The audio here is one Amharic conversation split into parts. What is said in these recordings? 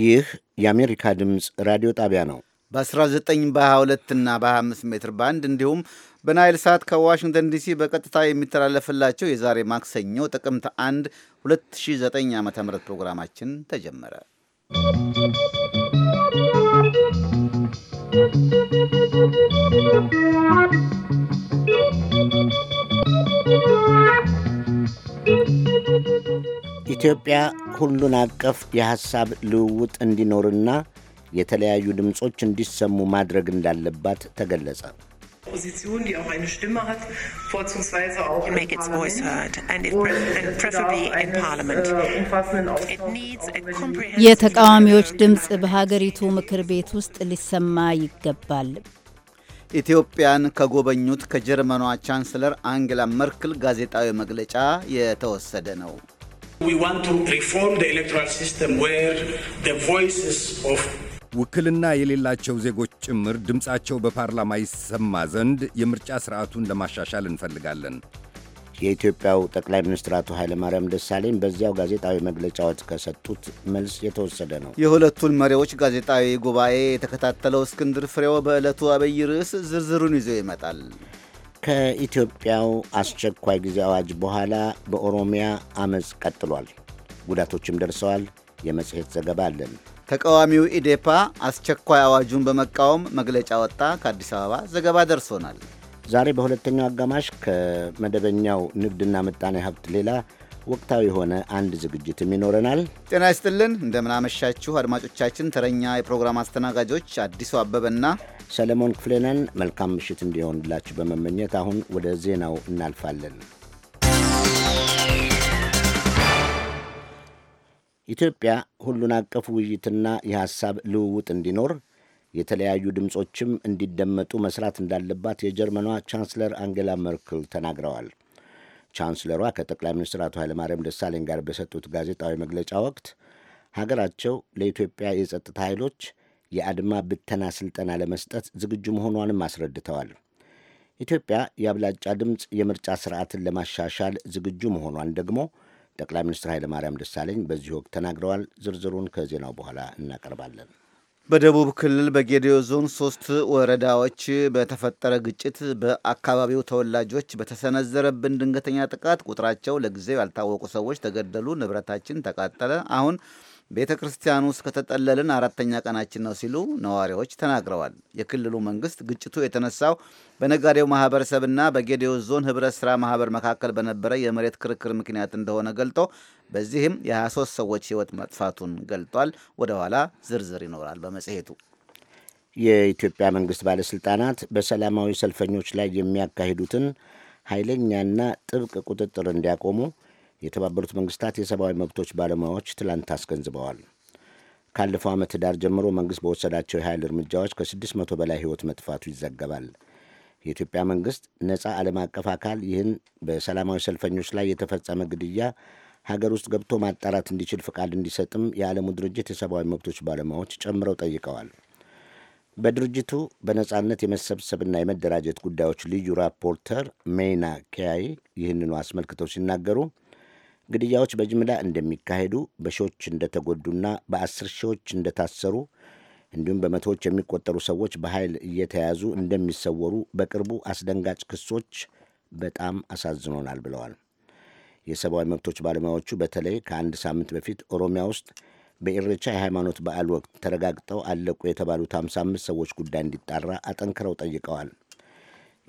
ይህ የአሜሪካ ድምፅ ራዲዮ ጣቢያ ነው። በ19 በ22 እና በ25 ሜትር ባንድ እንዲሁም በናይል ሳት ከዋሽንግተን ዲሲ በቀጥታ የሚተላለፍላቸው የዛሬ ማክሰኞ ጥቅምት 1 2009 ዓ ም ፕሮግራማችን ተጀመረ። ¶¶ ኢትዮጵያ ሁሉን አቀፍ የሐሳብ ልውውጥ እንዲኖርና የተለያዩ ድምፆች እንዲሰሙ ማድረግ እንዳለባት ተገለጸ። äh, የተቃዋሚዎች ድምፅ በሀገሪቱ ምክር ቤት ውስጥ ሊሰማ ይገባል። ኢትዮጵያን ከጎበኙት ከጀርመኗ ቻንስለር አንግላ መርክል ጋዜጣዊ መግለጫ የተወሰደ ነው። ውክልና የሌላቸው ዜጎች ጭምር ድምፃቸው በፓርላማ ይሰማ ዘንድ የምርጫ ስርዓቱን ለማሻሻል እንፈልጋለን። የኢትዮጵያው ጠቅላይ ሚኒስትር አቶ ኃይለማርያም ደሳለኝ በዚያው ጋዜጣዊ መግለጫዎች ከሰጡት መልስ የተወሰደ ነው። የሁለቱን መሪዎች ጋዜጣዊ ጉባኤ የተከታተለው እስክንድር ፍሬው በዕለቱ አብይ ርዕስ ዝርዝሩን ይዞ ይመጣል። ከኢትዮጵያው አስቸኳይ ጊዜ አዋጅ በኋላ በኦሮሚያ አመፅ ቀጥሏል። ጉዳቶችም ደርሰዋል። የመጽሔት ዘገባ አለን። ተቃዋሚው ኢዴፓ አስቸኳይ አዋጁን በመቃወም መግለጫ ወጣ። ከአዲስ አበባ ዘገባ ደርሶናል። ዛሬ በሁለተኛው አጋማሽ ከመደበኛው ንግድና ምጣኔ ሀብት ሌላ ወቅታዊ የሆነ አንድ ዝግጅትም ይኖረናል። ጤና ይስጥልን፣ እንደምናመሻችሁ አድማጮቻችን። ተረኛ የፕሮግራም አስተናጋጆች አዲሱ አበበና ሰለሞን ክፍሌነን መልካም ምሽት እንዲሆንላችሁ በመመኘት አሁን ወደ ዜናው እናልፋለን። ኢትዮጵያ ሁሉን አቀፍ ውይይትና የሐሳብ ልውውጥ እንዲኖር የተለያዩ ድምፆችም እንዲደመጡ መስራት እንዳለባት የጀርመኗ ቻንስለር አንጌላ መርክል ተናግረዋል። ቻንስለሯ ከጠቅላይ ሚኒስትር አቶ ኃይለማርያም ደሳለኝ ጋር በሰጡት ጋዜጣዊ መግለጫ ወቅት ሀገራቸው ለኢትዮጵያ የጸጥታ ኃይሎች የአድማ ብተና ስልጠና ለመስጠት ዝግጁ መሆኗንም አስረድተዋል። ኢትዮጵያ የአብላጫ ድምፅ የምርጫ ስርዓትን ለማሻሻል ዝግጁ መሆኗን ደግሞ ጠቅላይ ሚኒስትር ኃይለማርያም ደሳለኝ በዚህ ወቅት ተናግረዋል። ዝርዝሩን ከዜናው በኋላ እናቀርባለን። በደቡብ ክልል በጌዲዮ ዞን ሶስት ወረዳዎች በተፈጠረ ግጭት በአካባቢው ተወላጆች በተሰነዘረብን ድንገተኛ ጥቃት ቁጥራቸው ለጊዜው ያልታወቁ ሰዎች ተገደሉ፣ ንብረታችን ተቃጠለ። አሁን ቤተ ክርስቲያን ውስጥ ከተጠለልን አራተኛ ቀናችን ነው ሲሉ ነዋሪዎች ተናግረዋል። የክልሉ መንግስት ግጭቱ የተነሳው በነጋዴው ማህበረሰብና በጌዴዮ ዞን ህብረት ስራ ማህበር መካከል በነበረ የመሬት ክርክር ምክንያት እንደሆነ ገልጦ በዚህም የ23 ሰዎች ህይወት መጥፋቱን ገልጧል። ወደ ኋላ ዝርዝር ይኖራል በመጽሔቱ። የኢትዮጵያ መንግስት ባለሥልጣናት በሰላማዊ ሰልፈኞች ላይ የሚያካሂዱትን ኃይለኛና ጥብቅ ቁጥጥር እንዲያቆሙ የተባበሩት መንግስታት የሰብአዊ መብቶች ባለሙያዎች ትላንት አስገንዝበዋል። ካለፈው ዓመት ዳር ጀምሮ መንግሥት በወሰዳቸው የኃይል እርምጃዎች ከ600 በላይ ሕይወት መጥፋቱ ይዘገባል። የኢትዮጵያ መንግሥት ነፃ ዓለም አቀፍ አካል ይህን በሰላማዊ ሰልፈኞች ላይ የተፈጸመ ግድያ ሀገር ውስጥ ገብቶ ማጣራት እንዲችል ፍቃድ እንዲሰጥም የዓለሙ ድርጅት የሰብአዊ መብቶች ባለሙያዎች ጨምረው ጠይቀዋል። በድርጅቱ በነጻነት የመሰብሰብና የመደራጀት ጉዳዮች ልዩ ራፖርተር ሜና ኪያይ ይህንኑ አስመልክተው ሲናገሩ ግድያዎች በጅምላ እንደሚካሄዱ በሺዎች እንደተጎዱና በአስር ሺዎች እንደታሰሩ እንዲሁም በመቶዎች የሚቆጠሩ ሰዎች በኃይል እየተያዙ እንደሚሰወሩ በቅርቡ አስደንጋጭ ክሶች በጣም አሳዝኖናል ብለዋል። የሰብአዊ መብቶች ባለሙያዎቹ በተለይ ከአንድ ሳምንት በፊት ኦሮሚያ ውስጥ በኢሬቻ የሃይማኖት በዓል ወቅት ተረጋግጠው አለቁ የተባሉት 55 ሰዎች ጉዳይ እንዲጣራ አጠንክረው ጠይቀዋል።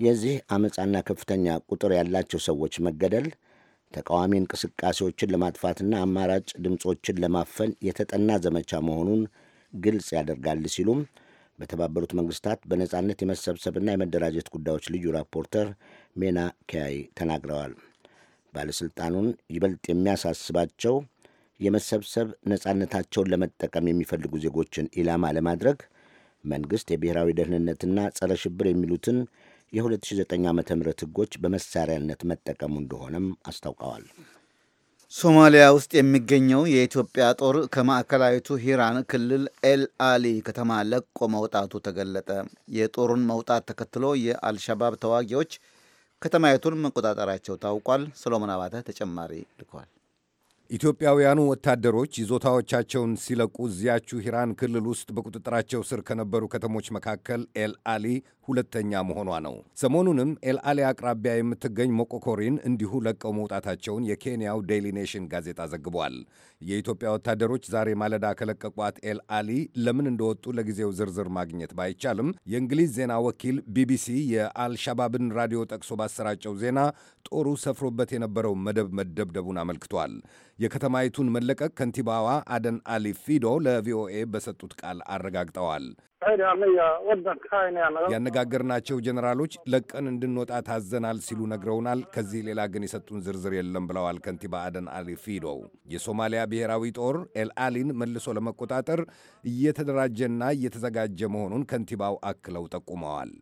የዚህ አመፃና ከፍተኛ ቁጥር ያላቸው ሰዎች መገደል ተቃዋሚ እንቅስቃሴዎችን ለማጥፋትና አማራጭ ድምፆችን ለማፈን የተጠና ዘመቻ መሆኑን ግልጽ ያደርጋል ሲሉም በተባበሩት መንግስታት በነጻነት የመሰብሰብና የመደራጀት ጉዳዮች ልዩ ራፖርተር ሜና ኪያይ ተናግረዋል። ባለሥልጣኑን ይበልጥ የሚያሳስባቸው የመሰብሰብ ነጻነታቸውን ለመጠቀም የሚፈልጉ ዜጎችን ኢላማ ለማድረግ መንግሥት የብሔራዊ ደህንነትና ጸረ ሽብር የሚሉትን የ2009 ዓ ም ህጎች በመሳሪያነት መጠቀሙ እንደሆነም አስታውቀዋል። ሶማሊያ ውስጥ የሚገኘው የኢትዮጵያ ጦር ከማዕከላዊቱ ሂራን ክልል ኤል አሊ ከተማ ለቆ መውጣቱ ተገለጠ። የጦሩን መውጣት ተከትሎ የአልሸባብ ተዋጊዎች ከተማይቱን መቆጣጠራቸው ታውቋል። ሰሎሞን አባተ ተጨማሪ ልከዋል። ኢትዮጵያውያኑ ወታደሮች ይዞታዎቻቸውን ሲለቁ እዚያችሁ ሂራን ክልል ውስጥ በቁጥጥራቸው ስር ከነበሩ ከተሞች መካከል ኤልአሊ ሁለተኛ መሆኗ ነው። ሰሞኑንም ኤልአሊ አቅራቢያ የምትገኝ ሞቆኮሪን እንዲሁ ለቀው መውጣታቸውን የኬንያው ዴይሊ ኔሽን ጋዜጣ ዘግቧል። የኢትዮጵያ ወታደሮች ዛሬ ማለዳ ከለቀቋት ኤልአሊ ለምን እንደወጡ ለጊዜው ዝርዝር ማግኘት ባይቻልም የእንግሊዝ ዜና ወኪል ቢቢሲ የአልሻባብን ራዲዮ ጠቅሶ ባሰራጨው ዜና ጦሩ ሰፍሮበት የነበረው መደብ መደብደቡን አመልክቷል። የከተማይቱን መለቀቅ ከንቲባዋ አደን አሊ ፊዶ ለቪኦኤ በሰጡት ቃል አረጋግጠዋል። ያነጋገርናቸው ጀኔራሎች ለቀን እንድንወጣ ታዘናል ሲሉ ነግረውናል። ከዚህ ሌላ ግን የሰጡን ዝርዝር የለም ብለዋል ከንቲባ አደን አሊ ፊዶ። የሶማሊያ ብሔራዊ ጦር ኤልአሊን መልሶ ለመቆጣጠር እየተደራጀና እየተዘጋጀ መሆኑን ከንቲባው አክለው ጠቁመዋል።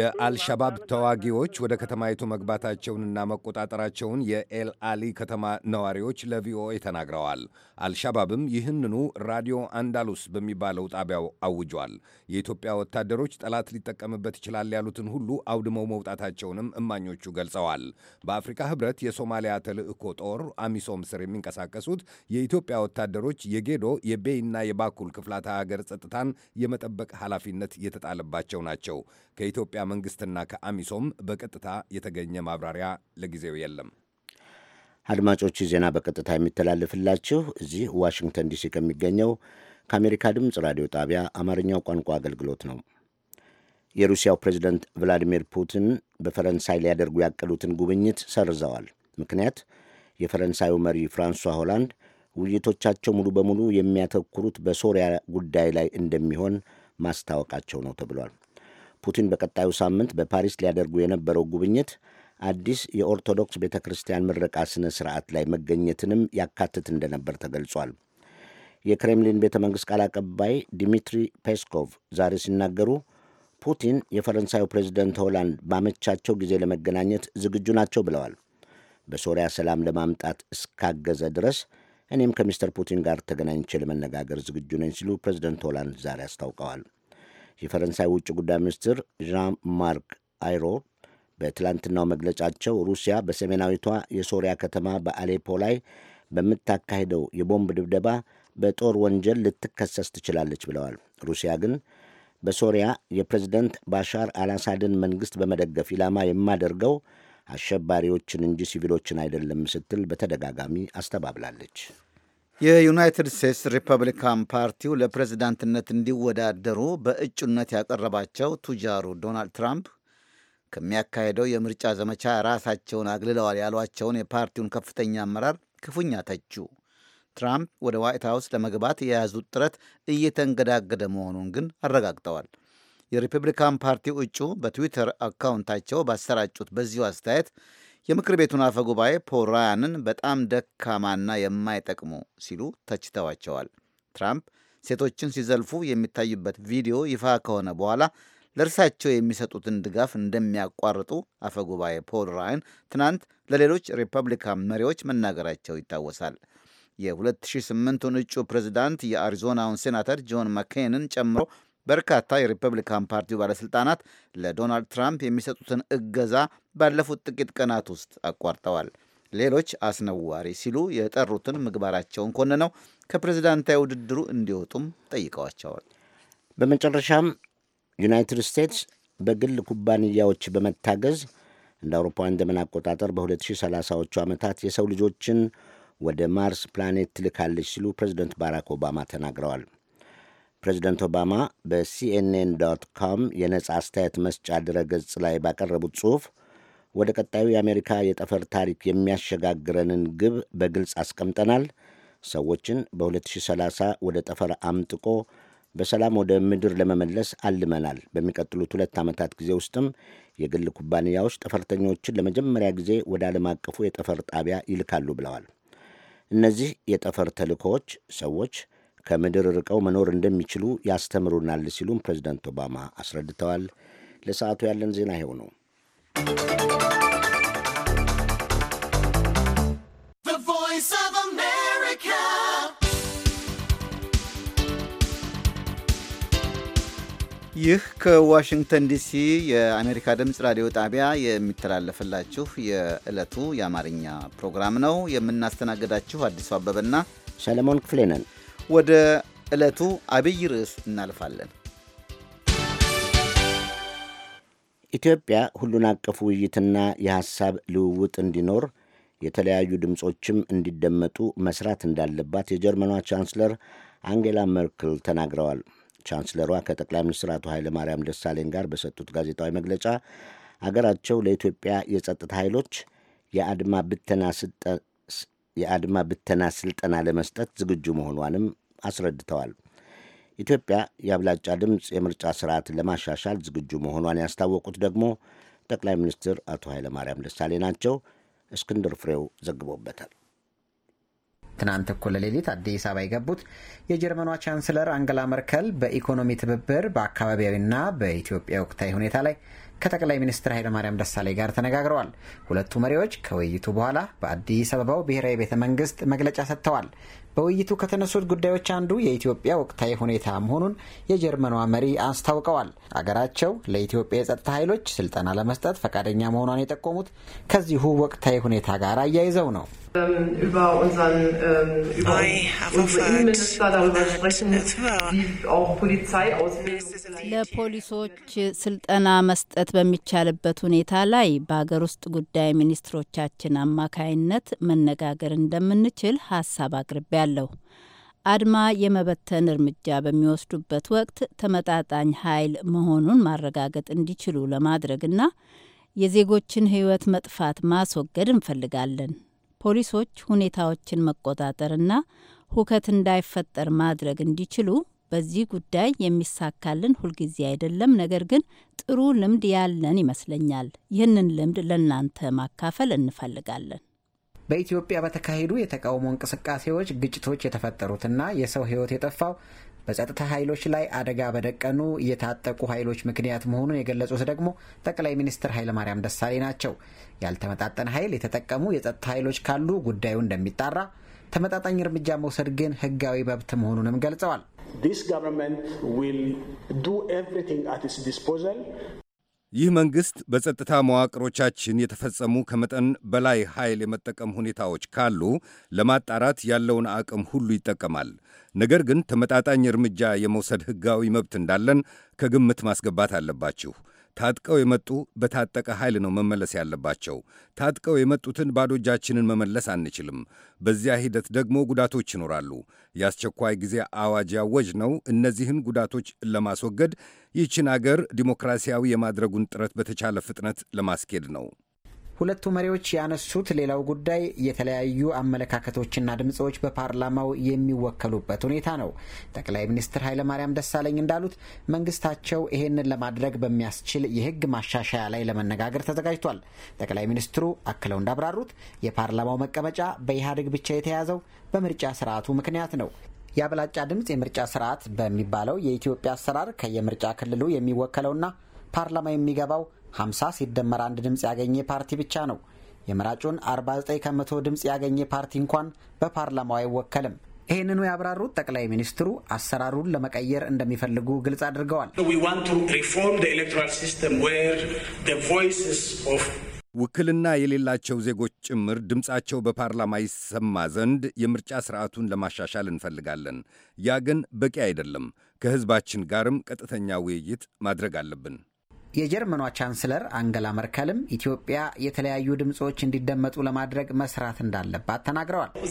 የአልሸባብ ተዋጊዎች ወደ ከተማይቱ መግባታቸውንና መቆጣጠራቸውን የኤልአሊ ከተማ ነዋሪዎች ለቪኦኤ ተናግረዋል። አልሸባብም ይህንኑ ራዲዮ አንዳ ዳሉስ በሚባለው ጣቢያው አውጇል። የኢትዮጵያ ወታደሮች ጠላት ሊጠቀምበት ይችላል ያሉትን ሁሉ አውድመው መውጣታቸውንም እማኞቹ ገልጸዋል። በአፍሪካ ህብረት የሶማሊያ ተልዕኮ ጦር አሚሶም ስር የሚንቀሳቀሱት የኢትዮጵያ ወታደሮች የጌዶ የቤይና የባኩል ክፍላተ ሀገር ጸጥታን የመጠበቅ ኃላፊነት የተጣለባቸው ናቸው። ከኢትዮጵያ መንግስትና ከአሚሶም በቀጥታ የተገኘ ማብራሪያ ለጊዜው የለም። አድማጮች ዜና በቀጥታ የሚተላለፍላችሁ እዚህ ዋሽንግተን ዲሲ ከሚገኘው ከአሜሪካ ድምፅ ራዲዮ ጣቢያ አማርኛው ቋንቋ አገልግሎት ነው። የሩሲያው ፕሬዝደንት ቭላዲሚር ፑቲን በፈረንሳይ ሊያደርጉ ያቀዱትን ጉብኝት ሰርዘዋል። ምክንያት የፈረንሳዩ መሪ ፍራንሷ ሆላንድ ውይይቶቻቸው ሙሉ በሙሉ የሚያተኩሩት በሶሪያ ጉዳይ ላይ እንደሚሆን ማስታወቃቸው ነው ተብሏል። ፑቲን በቀጣዩ ሳምንት በፓሪስ ሊያደርጉ የነበረው ጉብኝት አዲስ የኦርቶዶክስ ቤተ ክርስቲያን ምረቃ ሥነ ሥርዓት ላይ መገኘትንም ያካትት እንደነበር ተገልጿል። የክሬምሊን ቤተ መንግሥት ቃል አቀባይ ዲሚትሪ ፔስኮቭ ዛሬ ሲናገሩ ፑቲን የፈረንሳዩ ፕሬዚደንት ሆላንድ ባመቻቸው ጊዜ ለመገናኘት ዝግጁ ናቸው ብለዋል። በሶሪያ ሰላም ለማምጣት እስካገዘ ድረስ እኔም ከሚስተር ፑቲን ጋር ተገናኝቼ ለመነጋገር ዝግጁ ነኝ ሲሉ ፕሬዚደንት ሆላንድ ዛሬ አስታውቀዋል። የፈረንሳይ ውጭ ጉዳይ ሚኒስትር ዣን ማርክ አይሮ በትላንትናው መግለጫቸው ሩሲያ በሰሜናዊቷ የሶሪያ ከተማ በአሌፖ ላይ በምታካሄደው የቦምብ ድብደባ በጦር ወንጀል ልትከሰስ ትችላለች ብለዋል። ሩሲያ ግን በሶሪያ የፕሬዝደንት ባሻር አልአሳድን መንግሥት በመደገፍ ኢላማ የማደርገው አሸባሪዎችን እንጂ ሲቪሎችን አይደለም ስትል በተደጋጋሚ አስተባብላለች። የዩናይትድ ስቴትስ ሪፐብሊካን ፓርቲው ለፕሬዝዳንትነት እንዲወዳደሩ በእጩነት ያቀረባቸው ቱጃሩ ዶናልድ ትራምፕ ከሚያካሄደው የምርጫ ዘመቻ ራሳቸውን አግልለዋል ያሏቸውን የፓርቲውን ከፍተኛ አመራር ክፉኛ ተቹ። ትራምፕ ወደ ዋይት ሀውስ ለመግባት የያዙት ጥረት እየተንገዳገደ መሆኑን ግን አረጋግጠዋል። የሪፐብሊካን ፓርቲ እጩ በትዊተር አካውንታቸው ባሰራጩት በዚሁ አስተያየት የምክር ቤቱን አፈ ጉባኤ ፖል ራያንን በጣም ደካማና የማይጠቅሙ ሲሉ ተችተዋቸዋል። ትራምፕ ሴቶችን ሲዘልፉ የሚታዩበት ቪዲዮ ይፋ ከሆነ በኋላ ለእርሳቸው የሚሰጡትን ድጋፍ እንደሚያቋርጡ አፈ ጉባኤ ፖል ራያን ትናንት ለሌሎች ሪፐብሊካን መሪዎች መናገራቸው ይታወሳል። የ2008ቱን እጩ ፕሬዚዳንት የአሪዞናውን ሴናተር ጆን መኬንን ጨምሮ በርካታ የሪፐብሊካን ፓርቲው ባለሥልጣናት ለዶናልድ ትራምፕ የሚሰጡትን እገዛ ባለፉት ጥቂት ቀናት ውስጥ አቋርጠዋል። ሌሎች አስነዋሪ ሲሉ የጠሩትን ምግባራቸውን ኮንነው ከፕሬዝዳንታዊ ውድድሩ እንዲወጡም ጠይቀዋቸዋል። በመጨረሻም ዩናይትድ ስቴትስ በግል ኩባንያዎች በመታገዝ እንደ አውሮፓውያን ዘመን አቆጣጠር በ2030ዎቹ ዓመታት የሰው ልጆችን ወደ ማርስ ፕላኔት ትልካለች ሲሉ ፕሬዚደንት ባራክ ኦባማ ተናግረዋል። ፕሬዚደንት ኦባማ በሲኤንኤን ዶት ኮም የነጻ አስተያየት መስጫ ድረገጽ ላይ ባቀረቡት ጽሑፍ ወደ ቀጣዩ የአሜሪካ የጠፈር ታሪክ የሚያሸጋግረንን ግብ በግልጽ አስቀምጠናል። ሰዎችን በ2030 ወደ ጠፈር አምጥቆ በሰላም ወደ ምድር ለመመለስ አልመናል። በሚቀጥሉት ሁለት ዓመታት ጊዜ ውስጥም የግል ኩባንያዎች ጠፈርተኞችን ለመጀመሪያ ጊዜ ወደ ዓለም አቀፉ የጠፈር ጣቢያ ይልካሉ ብለዋል። እነዚህ የጠፈር ተልእኮዎች ሰዎች ከምድር ርቀው መኖር እንደሚችሉ ያስተምሩናል ሲሉም ፕሬዚዳንት ኦባማ አስረድተዋል። ለሰዓቱ ያለን ዜና ይኸው ነው። ይህ ከዋሽንግተን ዲሲ የአሜሪካ ድምፅ ራዲዮ ጣቢያ የሚተላለፍላችሁ የዕለቱ የአማርኛ ፕሮግራም ነው። የምናስተናግዳችሁ አዲሱ አበበና ሰለሞን ክፍሌ ነን። ወደ ዕለቱ አብይ ርዕስ እናልፋለን። ኢትዮጵያ ሁሉን አቀፍ ውይይትና የሐሳብ ልውውጥ እንዲኖር የተለያዩ ድምፆችም እንዲደመጡ መስራት እንዳለባት የጀርመኗ ቻንስለር አንጌላ መርክል ተናግረዋል። ቻንስለሯ ከጠቅላይ ሚኒስትር አቶ ኃይለማርያም ደሳለኝ ጋር በሰጡት ጋዜጣዊ መግለጫ አገራቸው ለኢትዮጵያ የጸጥታ ኃይሎች የአድማ ብተና ስልጠና ለመስጠት ዝግጁ መሆኗንም አስረድተዋል። ኢትዮጵያ የአብላጫ ድምፅ የምርጫ ስርዓት ለማሻሻል ዝግጁ መሆኗን ያስታወቁት ደግሞ ጠቅላይ ሚኒስትር አቶ ኃይለማርያም ደሳሌ ናቸው። እስክንድር ፍሬው ዘግቦበታል። ትናንት እኩለ ሌሊት አዲስ አበባ የገቡት የጀርመኗ ቻንስለር አንገላ መርከል በኢኮኖሚ ትብብር በአካባቢያዊና በኢትዮጵያ ወቅታዊ ሁኔታ ላይ ከጠቅላይ ሚኒስትር ኃይለማርያም ደሳለኝ ጋር ተነጋግረዋል። ሁለቱ መሪዎች ከውይይቱ በኋላ በአዲስ አበባው ብሔራዊ ቤተ መንግስት መግለጫ ሰጥተዋል። በውይይቱ ከተነሱት ጉዳዮች አንዱ የኢትዮጵያ ወቅታዊ ሁኔታ መሆኑን የጀርመኗ መሪ አስታውቀዋል። አገራቸው ለኢትዮጵያ የጸጥታ ኃይሎች ስልጠና ለመስጠት ፈቃደኛ መሆኗን የጠቆሙት ከዚሁ ወቅታዊ ሁኔታ ጋር አያይዘው ነው። ለፖሊሶች ስልጠና መስጠት በሚቻልበት ሁኔታ ላይ በሀገር ውስጥ ጉዳይ ሚኒስትሮቻችን አማካይነት መነጋገር እንደምንችል ሀሳብ አቅርቤ ያለው አድማ የመበተን እርምጃ በሚወስዱበት ወቅት ተመጣጣኝ ኃይል መሆኑን ማረጋገጥ እንዲችሉ ለማድረግና የዜጎችን ሕይወት መጥፋት ማስወገድ እንፈልጋለን። ፖሊሶች ሁኔታዎችን መቆጣጠርና ሁከት እንዳይፈጠር ማድረግ እንዲችሉ በዚህ ጉዳይ የሚሳካልን ሁልጊዜ አይደለም፣ ነገር ግን ጥሩ ልምድ ያለን ይመስለኛል። ይህንን ልምድ ለእናንተ ማካፈል እንፈልጋለን። በኢትዮጵያ በተካሄዱ የተቃውሞ እንቅስቃሴዎች ግጭቶች የተፈጠሩትና የሰው ሕይወት የጠፋው በጸጥታ ኃይሎች ላይ አደጋ በደቀኑ የታጠቁ ኃይሎች ምክንያት መሆኑን የገለጹት ደግሞ ጠቅላይ ሚኒስትር ኃይለማርያም ደሳሌ ናቸው። ያልተመጣጠነ ኃይል የተጠቀሙ የጸጥታ ኃይሎች ካሉ ጉዳዩ እንደሚጣራ፣ ተመጣጣኝ እርምጃ መውሰድ ግን ህጋዊ መብት መሆኑንም ገልጸዋል። ይህ መንግሥት በጸጥታ መዋቅሮቻችን የተፈጸሙ ከመጠን በላይ ኃይል የመጠቀም ሁኔታዎች ካሉ ለማጣራት ያለውን አቅም ሁሉ ይጠቀማል። ነገር ግን ተመጣጣኝ እርምጃ የመውሰድ ሕጋዊ መብት እንዳለን ከግምት ማስገባት አለባችሁ። ታጥቀው የመጡ በታጠቀ ኃይል ነው መመለስ ያለባቸው። ታጥቀው የመጡትን ባዶ እጃችንን መመለስ አንችልም። በዚያ ሂደት ደግሞ ጉዳቶች ይኖራሉ። የአስቸኳይ ጊዜ አዋጅ ያወጅ ነው እነዚህን ጉዳቶች ለማስወገድ ይህችን አገር ዲሞክራሲያዊ የማድረጉን ጥረት በተቻለ ፍጥነት ለማስኬድ ነው። ሁለቱ መሪዎች ያነሱት ሌላው ጉዳይ የተለያዩ አመለካከቶችና ድምፆች በፓርላማው የሚወከሉበት ሁኔታ ነው። ጠቅላይ ሚኒስትር ኃይለማርያም ደሳለኝ እንዳሉት መንግስታቸው ይህንን ለማድረግ በሚያስችል የህግ ማሻሻያ ላይ ለመነጋገር ተዘጋጅቷል። ጠቅላይ ሚኒስትሩ አክለው እንዳብራሩት የፓርላማው መቀመጫ በኢህአዴግ ብቻ የተያዘው በምርጫ ስርዓቱ ምክንያት ነው። የአብላጫ ድምፅ የምርጫ ስርዓት በሚባለው የኢትዮጵያ አሰራር ከየምርጫ ክልሉ የሚወከለውና ፓርላማ የሚገባው 50 ሲደመር አንድ ድምፅ ያገኘ ፓርቲ ብቻ ነው። የመራጩን 49 ከመቶ ድምፅ ያገኘ ፓርቲ እንኳን በፓርላማው አይወከልም። ይህንኑ ያብራሩት ጠቅላይ ሚኒስትሩ አሰራሩን ለመቀየር እንደሚፈልጉ ግልጽ አድርገዋል። ውክልና የሌላቸው ዜጎች ጭምር ድምፃቸው በፓርላማ ይሰማ ዘንድ የምርጫ ስርዓቱን ለማሻሻል እንፈልጋለን። ያ ግን በቂ አይደለም። ከህዝባችን ጋርም ቀጥተኛ ውይይት ማድረግ አለብን። የጀርመኗ ቻንስለር አንገላ መርከልም ኢትዮጵያ የተለያዩ ድምፆች እንዲደመጡ ለማድረግ መስራት እንዳለባት ተናግረዋል። äh,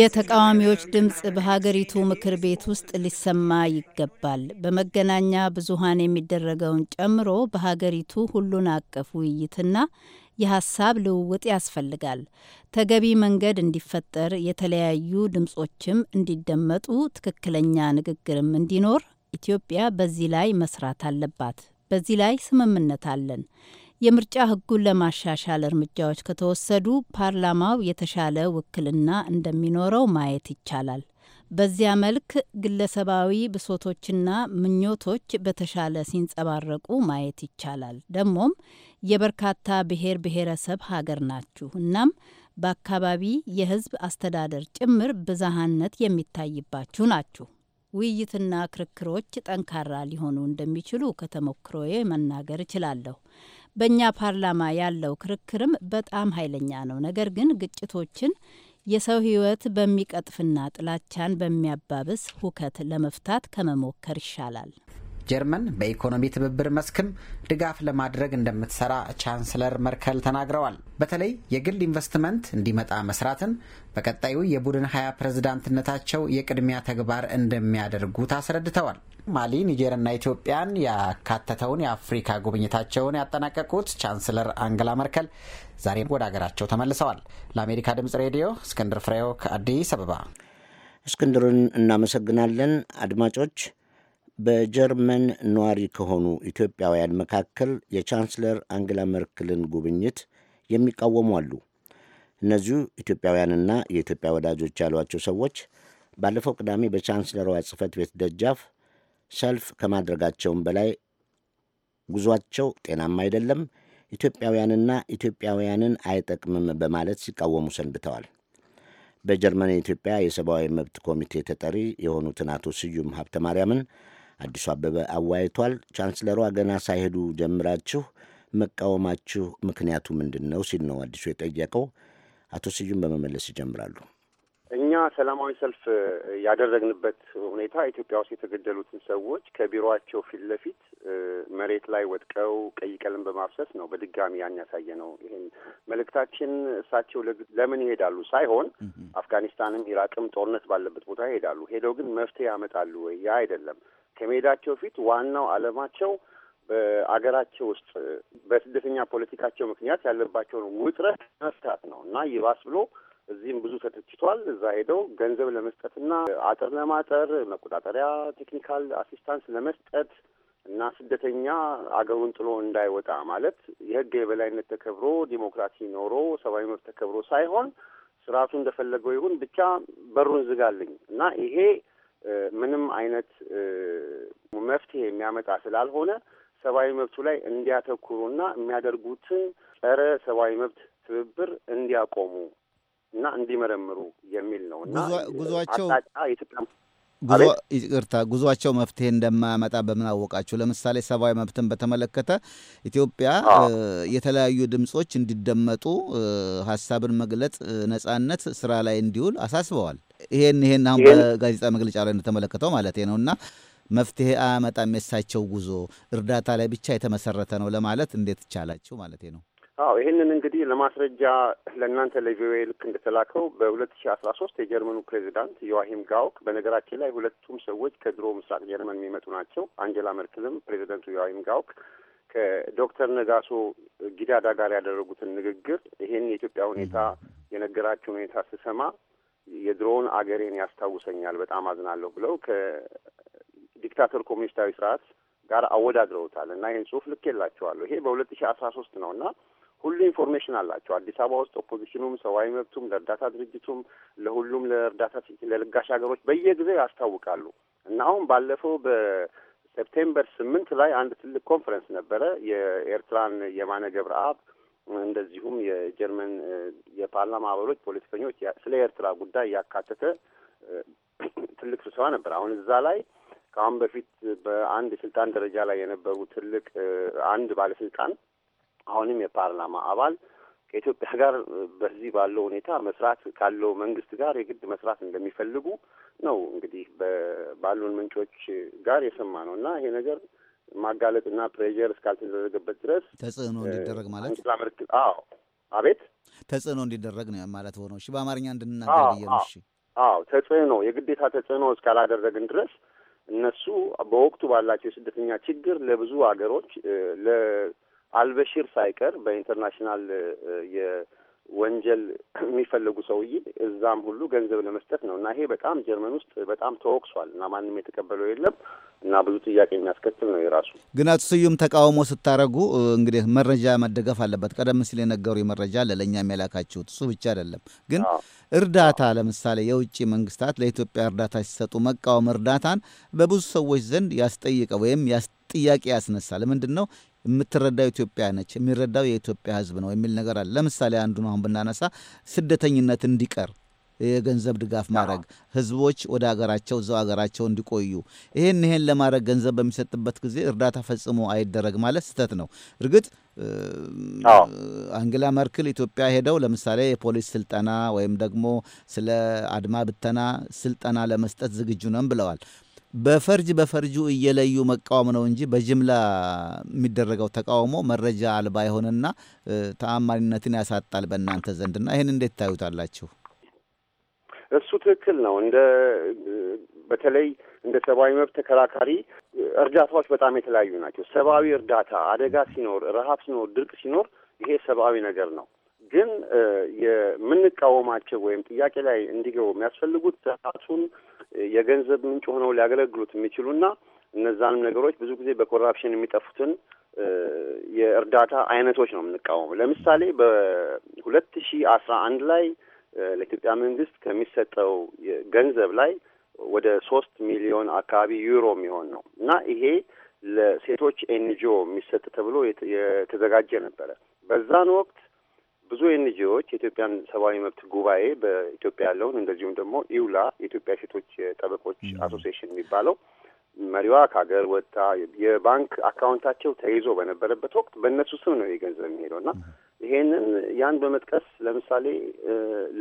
የተቃዋሚዎች ድምፅ በሀገሪቱ ምክር ቤት ውስጥ ሊሰማ ይገባል። በመገናኛ ብዙሃን የሚደረገውን ጨምሮ በሀገሪቱ ሁሉን አቀፍ ውይይትና የሀሳብ ልውውጥ ያስፈልጋል። ተገቢ መንገድ እንዲፈጠር፣ የተለያዩ ድምጾችም እንዲደመጡ፣ ትክክለኛ ንግግርም እንዲኖር ኢትዮጵያ በዚህ ላይ መስራት አለባት። በዚህ ላይ ስምምነት አለን። የምርጫ ሕጉን ለማሻሻል እርምጃዎች ከተወሰዱ ፓርላማው የተሻለ ውክልና እንደሚኖረው ማየት ይቻላል። በዚያ መልክ ግለሰባዊ ብሶቶችና ምኞቶች በተሻለ ሲንጸባረቁ ማየት ይቻላል። ደግሞም የበርካታ ብሔር ብሔረሰብ ሀገር ናችሁ። እናም በአካባቢ የህዝብ አስተዳደር ጭምር ብዝሃነት የሚታይባችሁ ናችሁ። ውይይትና ክርክሮች ጠንካራ ሊሆኑ እንደሚችሉ ከተሞክሮዬ መናገር እችላለሁ። በእኛ ፓርላማ ያለው ክርክርም በጣም ኃይለኛ ነው። ነገር ግን ግጭቶችን የሰው ህይወት በሚቀጥፍና ጥላቻን በሚያባብስ ሁከት ለመፍታት ከመሞከር ይሻላል። ጀርመን በኢኮኖሚ ትብብር መስክም ድጋፍ ለማድረግ እንደምትሰራ ቻንስለር መርከል ተናግረዋል። በተለይ የግል ኢንቨስትመንት እንዲመጣ መስራትን በቀጣዩ የቡድን ሀያ ፕሬዝዳንትነታቸው የቅድሚያ ተግባር እንደሚያደርጉት አስረድተዋል። ማሊ፣ ኒጀርና ኢትዮጵያን ያካተተውን የአፍሪካ ጉብኝታቸውን ያጠናቀቁት ቻንስለር አንገላ መርከል ዛሬም ወደ አገራቸው ተመልሰዋል። ለአሜሪካ ድምጽ ሬዲዮ እስክንድር ፍሬው ከአዲስ አበባ። እስክንድሩን እናመሰግናለን። አድማጮች በጀርመን ነዋሪ ከሆኑ ኢትዮጵያውያን መካከል የቻንስለር አንግላ መርክልን ጉብኝት የሚቃወሙ አሉ። እነዚሁ ኢትዮጵያውያንና የኢትዮጵያ ወዳጆች ያሏቸው ሰዎች ባለፈው ቅዳሜ በቻንስለሯ ጽህፈት ቤት ደጃፍ ሰልፍ ከማድረጋቸውም በላይ ጉዟቸው ጤናማ አይደለም፣ ኢትዮጵያውያንና ኢትዮጵያውያንን አይጠቅምም በማለት ሲቃወሙ ሰንብተዋል። በጀርመን የኢትዮጵያ የሰብአዊ መብት ኮሚቴ ተጠሪ የሆኑትን አቶ ስዩም ሀብተ ማርያምን አዲሱ አበበ አወያይቷል። ቻንስለሯ ገና ሳይሄዱ ጀምራችሁ መቃወማችሁ ምክንያቱ ምንድን ነው ሲል ነው አዲሱ የጠየቀው። አቶ ስዩም በመመለስ ይጀምራሉ። እኛ ሰላማዊ ሰልፍ ያደረግንበት ሁኔታ ኢትዮጵያ ውስጥ የተገደሉትን ሰዎች ከቢሮቸው ፊት ለፊት መሬት ላይ ወድቀው ቀይ ቀለም በማፍሰስ ነው በድጋሚ ያን ያሳየ ነው። ይህን መልእክታችን እሳቸው ለምን ይሄዳሉ ሳይሆን አፍጋኒስታንም ኢራቅም ጦርነት ባለበት ቦታ ይሄዳሉ። ሄደው ግን መፍትሄ ያመጣሉ ወይ? ያ አይደለም። ከመሄዳቸው ፊት ዋናው አለማቸው በአገራቸው ውስጥ በስደተኛ ፖለቲካቸው ምክንያት ያለባቸውን ውጥረት መፍታት ነው እና ይባስ ብሎ እዚህም ብዙ ተተችቷል። እዛ ሄደው ገንዘብ ለመስጠትና አጥር ለማጠር መቆጣጠሪያ ቴክኒካል አሲስታንስ ለመስጠት እና ስደተኛ አገሩን ጥሎ እንዳይወጣ ማለት የህግ የበላይነት ተከብሮ ዲሞክራሲ ኖሮ ሰብአዊ መብት ተከብሮ ሳይሆን ስርዓቱ እንደፈለገው ይሁን ብቻ በሩን ዝጋልኝ እና ይሄ ምንም አይነት መፍትሄ የሚያመጣ ስላልሆነ ሰብአዊ መብቱ ላይ እንዲያተኩሩና የሚያደርጉትን ጸረ ሰብአዊ መብት ትብብር እንዲያቆሙ እና እንዲመረምሩ የሚል ነው እና ጉዟቸው ይቅርታ ጉዟቸው መፍትሄ እንደማያመጣ በምን አወቃችሁ? ለምሳሌ ሰብአዊ መብትን በተመለከተ ኢትዮጵያ የተለያዩ ድምጾች እንዲደመጡ፣ ሀሳብን መግለጽ ነጻነት ስራ ላይ እንዲውል አሳስበዋል። ይሄን ይሄን አሁን በጋዜጣ መግለጫ ላይ እንደተመለከተው ማለት ነው እና መፍትሄ አያመጣም የሳቸው ጉዞ እርዳታ ላይ ብቻ የተመሰረተ ነው ለማለት እንዴት ይቻላችሁ ማለት ነው። አዎ ይህንን እንግዲህ ለማስረጃ ለእናንተ ለቪኦኤ ልክ እንደተላከው በሁለት ሺ አስራ ሶስት የጀርመኑ ፕሬዚዳንት ዮዋሂም ጋውክ በነገራችን ላይ ሁለቱም ሰዎች ከድሮ ምስራቅ ጀርመን የሚመጡ ናቸው። አንጀላ መርክልም ፕሬዚደንቱ ዮዋሂም ጋውክ ከዶክተር ነጋሶ ጊዳዳ ጋር ያደረጉትን ንግግር ይሄን የኢትዮጵያ ሁኔታ የነገራቸውን ሁኔታ ስሰማ የድሮውን አገሬን ያስታውሰኛል፣ በጣም አዝናለሁ ብለው ከዲክታተር ኮሚኒስታዊ ስርዓት ጋር አወዳድረውታል እና ይህን ጽሁፍ የላቸዋለሁ ይሄ በሁለት ሺ አስራ ሶስት ነው እና ሁሉ ኢንፎርሜሽን አላቸው። አዲስ አበባ ውስጥ ኦፖዚሽኑም፣ ሰብአዊ መብቱም፣ ለእርዳታ ድርጅቱም ለሁሉም ለእርዳታ ለልጋሽ ሀገሮች በየጊዜው ያስታውቃሉ እና አሁን ባለፈው በሴፕቴምበር ስምንት ላይ አንድ ትልቅ ኮንፈረንስ ነበረ የኤርትራን የማነ ገብረአብ እንደዚሁም የጀርመን የፓርላማ አባሎች ፖለቲከኞች ስለ ኤርትራ ጉዳይ ያካተተ ትልቅ ስብሰባ ነበር። አሁን እዛ ላይ ከአሁን በፊት በአንድ ስልጣን ደረጃ ላይ የነበሩ ትልቅ አንድ ባለስልጣን አሁንም የፓርላማ አባል ከኢትዮጵያ ጋር በዚህ ባለው ሁኔታ መስራት ካለው መንግስት ጋር የግድ መስራት እንደሚፈልጉ ነው እንግዲህ ባሉን ምንጮች ጋር የሰማ ነው እና ይሄ ነገር ማጋለጥና ፕሬዠር እስካልተደረገበት ድረስ ተጽዕኖ እንዲደረግ ማለት አንስላ አዎ አቤት ተጽዕኖ እንዲደረግ ነው ማለት ሆነው። እሺ በአማርኛ እንድንናገር ብዬ ነው። እሺ አዎ ተጽዕኖ የግዴታ ተጽዕኖ እስካላደረግን ድረስ እነሱ በወቅቱ ባላቸው የስደተኛ ችግር ለብዙ ሀገሮች አልበሺር ሳይቀር በኢንተርናሽናል የወንጀል የሚፈለጉ ሰውዬ እዛም ሁሉ ገንዘብ ለመስጠት ነው እና ይሄ በጣም ጀርመን ውስጥ በጣም ተወቅሷል እና ማንም የተቀበለው የለም እና ብዙ ጥያቄ የሚያስከትል ነው የራሱ። ግን አቶ ስዩም ተቃውሞ ስታደረጉ እንግዲህ መረጃ መደገፍ አለበት። ቀደም ሲል የነገሩ መረጃ አለ ለእኛ የሚያላካችሁት እሱ ብቻ አይደለም። ግን እርዳታ ለምሳሌ የውጭ መንግስታት ለኢትዮጵያ እርዳታ ሲሰጡ መቃወም እርዳታን በብዙ ሰዎች ዘንድ ያስጠይቀ ወይም ጥያቄ ያስነሳል። ምንድን ነው የምትረዳው ኢትዮጵያ ነች፣ የሚረዳው የኢትዮጵያ ሕዝብ ነው የሚል ነገር አለ። ለምሳሌ አንዱን አሁን ብናነሳ ስደተኝነት እንዲቀር የገንዘብ ድጋፍ ማድረግ ህዝቦች ወደ አገራቸው እዛው አገራቸው እንዲቆዩ ይህን ይህን ለማድረግ ገንዘብ በሚሰጥበት ጊዜ እርዳታ ፈጽሞ አይደረግ ማለት ስህተት ነው። እርግጥ አንግላ መርክል ኢትዮጵያ ሄደው ለምሳሌ የፖሊስ ስልጠና ወይም ደግሞ ስለ አድማ ብተና ስልጠና ለመስጠት ዝግጁ ነን ብለዋል። በፈርጅ በፈርጁ እየለዩ መቃወም ነው እንጂ በጅምላ የሚደረገው ተቃውሞ መረጃ አልባ የሆነና ተአማኒነትን ያሳጣል በእናንተ ዘንድና ይህን እንዴት ታዩታላችሁ? እሱ ትክክል ነው። እንደ በተለይ እንደ ሰብአዊ መብት ተከራካሪ እርዳታዎች በጣም የተለያዩ ናቸው። ሰብአዊ እርዳታ አደጋ ሲኖር፣ ረሀብ ሲኖር፣ ድርቅ ሲኖር ይሄ ሰብአዊ ነገር ነው። ግን የምንቃወማቸው ወይም ጥያቄ ላይ እንዲገቡ የሚያስፈልጉት ስርዓቱን የገንዘብ ምንጭ ሆነው ሊያገለግሉት የሚችሉና እነዛንም ነገሮች ብዙ ጊዜ በኮራፕሽን የሚጠፉትን የእርዳታ አይነቶች ነው የምንቃወሙ። ለምሳሌ በሁለት ሺ አስራ አንድ ላይ ለኢትዮጵያ መንግስት ከሚሰጠው ገንዘብ ላይ ወደ ሶስት ሚሊዮን አካባቢ ዩሮ የሚሆን ነው እና ይሄ ለሴቶች ኤንጂኦ የሚሰጥ ተብሎ የተዘጋጀ ነበረ። በዛን ወቅት ብዙ ኤንጂዎች የኢትዮጵያን ሰብአዊ መብት ጉባኤ በኢትዮጵያ ያለውን እንደዚሁም ደግሞ ኢውላ የኢትዮጵያ ሴቶች ጠበቆች አሶሲዬሽን የሚባለው መሪዋ ከሀገር ወጣ የባንክ አካውንታቸው ተይዞ በነበረበት ወቅት በእነሱ ስም ነው የገንዘብ የሚሄደው እና ይሄንን ያን በመጥቀስ ለምሳሌ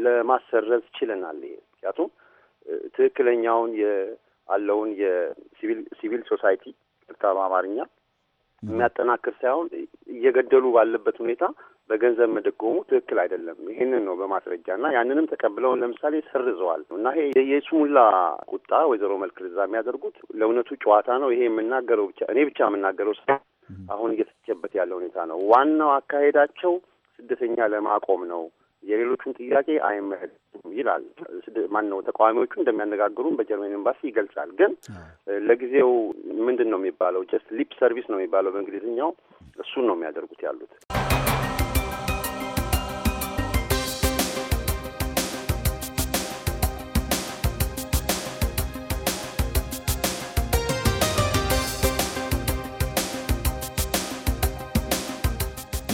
ለማሰረዝ ችለናል። ይሄ ምክንያቱም ትክክለኛውን ያለውን የሲቪል ሲቪል ሶሳይቲ ቅርታ በአማርኛ የሚያጠናክር ሳይሆን እየገደሉ ባለበት ሁኔታ በገንዘብ መደጎሙ ትክክል አይደለም። ይህንን ነው በማስረጃ እና ያንንም ተቀብለውን ለምሳሌ ሰርዘዋል እና ይሄ የስሙላ ቁጣ ወይዘሮ መልክ ልዛ የሚያደርጉት ለእውነቱ ጨዋታ ነው። ይሄ የምናገረው ብቻ እኔ ብቻ የምናገረው አሁን እየተቸበት ያለ ሁኔታ ነው። ዋናው አካሄዳቸው ስደተኛ ለማቆም ነው። የሌሎቹን ጥያቄ አይመለከቱም ይላል። ማን ነው ተቃዋሚዎቹ እንደሚያነጋግሩም በጀርመን ኤምባሲ ይገልጻል። ግን ለጊዜው ምንድን ነው የሚባለው ጀስት ሊፕ ሰርቪስ ነው የሚባለው በእንግሊዝኛው። እሱን ነው የሚያደርጉት ያሉት።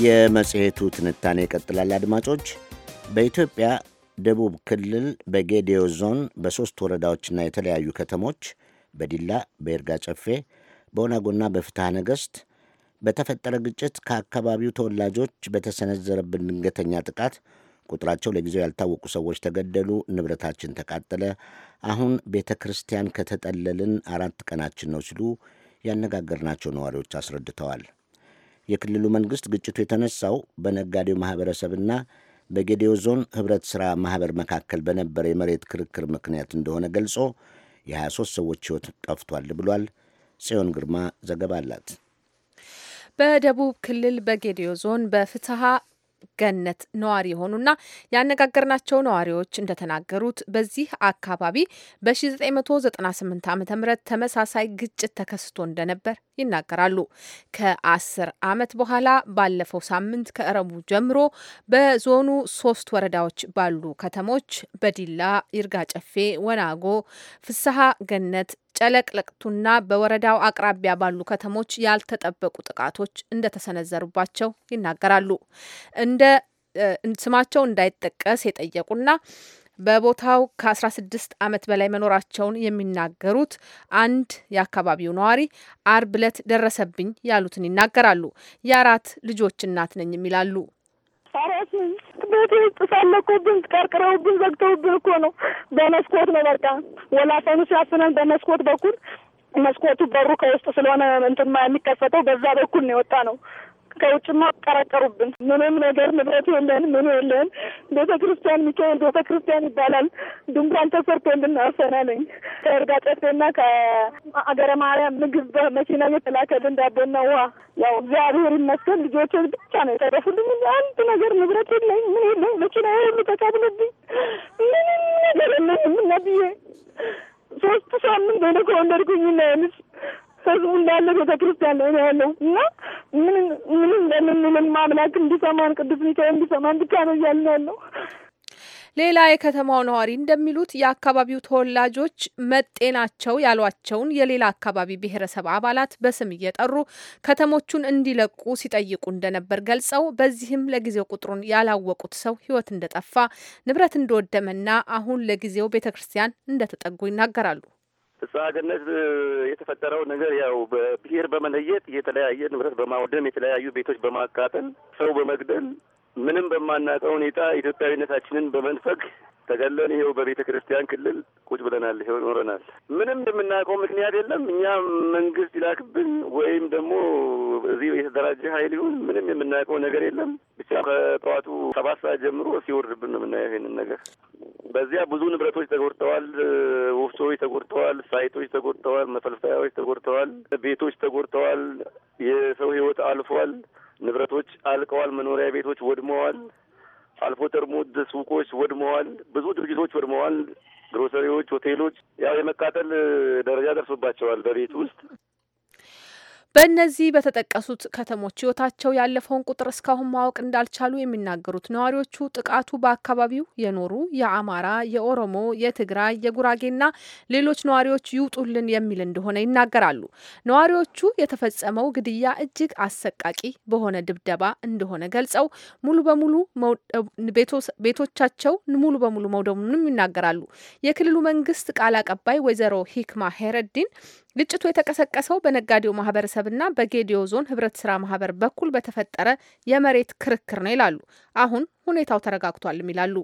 የመጽሔቱ ትንታኔ ይቀጥላል። አድማጮች በኢትዮጵያ ደቡብ ክልል በጌዴዮ ዞን በሦስት ወረዳዎችና የተለያዩ ከተሞች በዲላ፣ በይርጋ ጨፌ፣ በወናጎና በፍትሐ ነገሥት በተፈጠረ ግጭት ከአካባቢው ተወላጆች በተሰነዘረብን ድንገተኛ ጥቃት ቁጥራቸው ለጊዜው ያልታወቁ ሰዎች ተገደሉ፣ ንብረታችን ተቃጠለ፣ አሁን ቤተ ክርስቲያን ከተጠለልን አራት ቀናችን ነው ሲሉ ያነጋገርናቸው ነዋሪዎች አስረድተዋል። የክልሉ መንግስት ግጭቱ የተነሳው በነጋዴው ማህበረሰብና በጌዴዮ ዞን ህብረት ሥራ ማኅበር መካከል በነበረ የመሬት ክርክር ምክንያት እንደሆነ ገልጾ የ23 ሰዎች ሕይወት ጠፍቷል ብሏል። ጽዮን ግርማ ዘገባ አላት። በደቡብ ክልል በጌዲዮ ዞን በፍትሀ ገነት ነዋሪ የሆኑና ያነጋገርናቸው ነዋሪዎች እንደተናገሩት በዚህ አካባቢ በ1998 ዓ ም ተመሳሳይ ግጭት ተከስቶ እንደነበር ይናገራሉ። ከአስር ዓመት በኋላ ባለፈው ሳምንት ከእረቡ ጀምሮ በዞኑ ሶስት ወረዳዎች ባሉ ከተሞች በዲላ፣ ይርጋ ጨፌ፣ ወናጎ፣ ፍስሀ ገነት ጨለቅለቅቱና በወረዳው አቅራቢያ ባሉ ከተሞች ያልተጠበቁ ጥቃቶች እንደተሰነዘሩባቸው ይናገራሉ። እንደ ስማቸው እንዳይጠቀስ የጠየቁና በቦታው ከ16 ዓመት በላይ መኖራቸውን የሚናገሩት አንድ የአካባቢው ነዋሪ አርብ ዕለት ደረሰብኝ ያሉትን ይናገራሉ። የአራት ልጆች እናት ነኝ የሚላሉ ቤት ውስጥ ሳለቁብን ቀርቅረውብን ዘግተውብን እኮ ነው። በመስኮት ነው በቃ ወላፈኑ ሲያፍነን በመስኮት በኩል መስኮቱ በሩ ከውስጥ ስለሆነ እንትን የሚከፈተው በዛ በኩል ነው የወጣ ነው ከውጭማ አቀራቀሩብን። ምንም ነገር ንብረት የለን ምን የለን። ቤተ ክርስቲያን ሚካኤል ቤተ ክርስቲያን ይባላል ድንኳን ተሰርቶ እንድናርሰና ነኝ ከእርጋ ጨፌና ከአገረ ማርያም ምግብ በመኪና እየተላከልን ዳቦና ውሃ። ያው እግዚአብሔር ይመስገን ልጆችን ብቻ ነው የተረፉልኝ። አንድ ነገር ንብረት የለኝ ምን የለኝ። መኪና ሁሉ ተካብሎብኝ ምንም ነገር የለኝ። የምናብዬ ሶስት ሳምንት ሆነ ከወለድኩኝ። ህዝቡ እንዳለ ቤተ ክርስቲያን ነው ያለው እና ምን የምንልም ማምላክ እንዲሰማን ቅዱስ ሚካኤል እንዲሰማን ብቻ ነው እያልን ያለው። ሌላ የከተማው ነዋሪ እንደሚሉት የአካባቢው ተወላጆች መጤ ናቸው ያሏቸውን የሌላ አካባቢ ብሔረሰብ አባላት በስም እየጠሩ ከተሞቹን እንዲለቁ ሲጠይቁ እንደነበር ገልጸው በዚህም ለጊዜው ቁጥሩን ያላወቁት ሰው ሕይወት እንደጠፋ ንብረት እንደወደመና አሁን ለጊዜው ቤተ ክርስቲያን እንደተጠጉ ይናገራሉ። ፍትሐ የተፈጠረው ነገር ያው በብሔር በመለየት የተለያየ ንብረት በማውደም የተለያዩ ቤቶች በማቃጠል ሰው በመግደል ምንም በማናውቀው ሁኔታ ኢትዮጵያዊነታችንን በመንፈግ ተገለን ይኸው በቤተ ክርስቲያን ክልል ቁጭ ብለናል። ይኸው ኖረናል። ምንም የምናውቀው ምክንያት የለም። እኛ መንግስት ይላክብን ወይም ደግሞ እዚህ የተደራጀ ኃይል ይሁን ምንም የምናውቀው ነገር የለም። ብቻ ከጠዋቱ ሰባት ሰዓት ጀምሮ ሲወርድብን ነው የምናየው ይሄንን ነገር። በዚያ ብዙ ንብረቶች ተጎድተዋል። ወፍጮዎች ተጎድተዋል። ሳይቶች ተጎድተዋል። መፈልፈያዎች ተጎድተዋል። ቤቶች ተጎድተዋል። የሰው ህይወት አልፏል። ንብረቶች አልቀዋል። መኖሪያ ቤቶች ወድመዋል። አልፎ ተርሙድ ሱቆች ወድመዋል። ብዙ ድርጅቶች ወድመዋል። ግሮሰሪዎች፣ ሆቴሎች ያው የመቃጠል ደረጃ ደርሶባቸዋል በቤት ውስጥ በእነዚህ በተጠቀሱት ከተሞች ህይወታቸው ያለፈውን ቁጥር እስካሁን ማወቅ እንዳልቻሉ የሚናገሩት ነዋሪዎቹ ጥቃቱ በአካባቢው የኖሩ የአማራ፣ የኦሮሞ፣ የትግራይ፣ የጉራጌና ሌሎች ነዋሪዎች ይውጡልን የሚል እንደሆነ ይናገራሉ። ነዋሪዎቹ የተፈጸመው ግድያ እጅግ አሰቃቂ በሆነ ድብደባ እንደሆነ ገልጸው ሙሉ በሙሉ ቤቶቻቸው ሙሉ በሙሉ መውደሙንም ይናገራሉ። የክልሉ መንግስት ቃል አቀባይ ወይዘሮ ሂክማ ሄረዲን ግጭቱ የተቀሰቀሰው በነጋዴው ማህበረሰብ ማህበረሰብና በጌዲዮ ዞን ህብረት ስራ ማህበር በኩል በተፈጠረ የመሬት ክርክር ነው ይላሉ። አሁን ሁኔታው ተረጋግቷልም ይላሉ።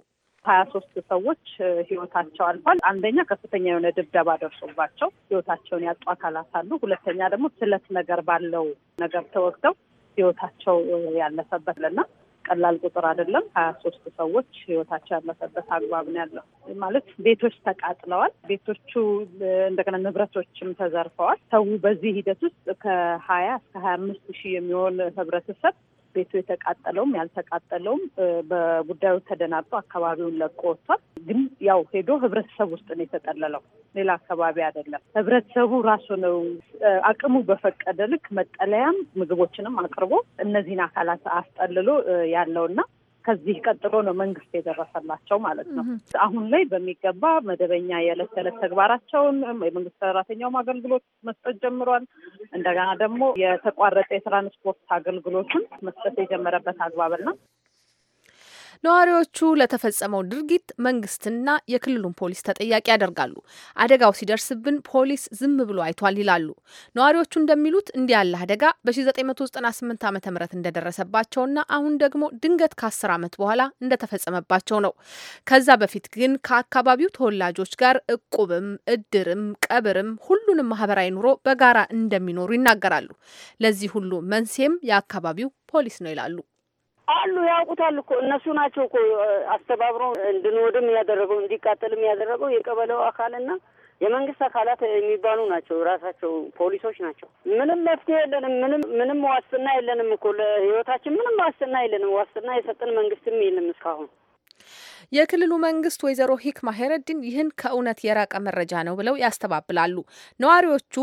ሀያ ሶስት ሰዎች ህይወታቸው አልፏል። አንደኛ ከፍተኛ የሆነ ድብደባ ደርሶባቸው ህይወታቸውን ያጡ አካላት አሉ። ሁለተኛ ደግሞ ስለት ነገር ባለው ነገር ተወግተው ህይወታቸው ያለፈበት እና ቀላል ቁጥር አይደለም። ሀያ ሶስት ሰዎች ህይወታቸው ያለፈበት አግባብ ነው ያለው። ማለት ቤቶች ተቃጥለዋል። ቤቶቹ እንደገና ንብረቶችም ተዘርፈዋል። ሰው በዚህ ሂደት ውስጥ ከሀያ እስከ ሀያ አምስት ሺህ የሚሆን ህብረተሰብ ቤቱ የተቃጠለውም ያልተቃጠለውም በጉዳዩ ተደናግጦ አካባቢውን ለቆ ወጥቷል። ግን ያው ሄዶ ህብረተሰብ ውስጥ ነው የተጠለለው፣ ሌላ አካባቢ አይደለም። ህብረተሰቡ ራሱ ነው አቅሙ በፈቀደ ልክ መጠለያም ምግቦችንም አቅርቦ እነዚህን አካላት አስጠልሎ ያለውና ከዚህ ቀጥሎ ነው መንግስት የደረሰላቸው ማለት ነው። አሁን ላይ በሚገባ መደበኛ የዕለት ተዕለት ተግባራቸውን የመንግስት ሰራተኛውም አገልግሎት መስጠት ጀምሯል። እንደገና ደግሞ የተቋረጠ የትራንስፖርት አገልግሎትን መስጠት የጀመረበት አግባብና ነዋሪዎቹ ለተፈጸመው ድርጊት መንግስትና የክልሉን ፖሊስ ተጠያቂ ያደርጋሉ። አደጋው ሲደርስብን ፖሊስ ዝም ብሎ አይቷል ይላሉ። ነዋሪዎቹ እንደሚሉት እንዲህ ያለ አደጋ በ1998 ዓ ም እንደደረሰባቸውና አሁን ደግሞ ድንገት ከ10 ዓመት በኋላ እንደተፈጸመባቸው ነው። ከዛ በፊት ግን ከአካባቢው ተወላጆች ጋር እቁብም፣ እድርም፣ ቀብርም ሁሉንም ማህበራዊ ኑሮ በጋራ እንደሚኖሩ ይናገራሉ። ለዚህ ሁሉ መንስኤም የአካባቢው ፖሊስ ነው ይላሉ። አሉ ያውቁታል እኮ እነሱ ናቸው እኮ አስተባብረው እንድንወድም ያደረገው እንዲቃጠልም ያደረገው የቀበሌው አካልና የመንግስት አካላት የሚባሉ ናቸው። ራሳቸው ፖሊሶች ናቸው። ምንም መፍትሄ የለንም። ምንም ምንም ዋስትና የለንም እኮ ለህይወታችን ምንም ዋስትና የለንም። ዋስትና የሰጠን መንግስትም የለም እስካሁን። የክልሉ መንግስት ወይዘሮ ሂክማ ሄረዲን ይህን ከእውነት የራቀ መረጃ ነው ብለው ያስተባብላሉ። ነዋሪዎቹ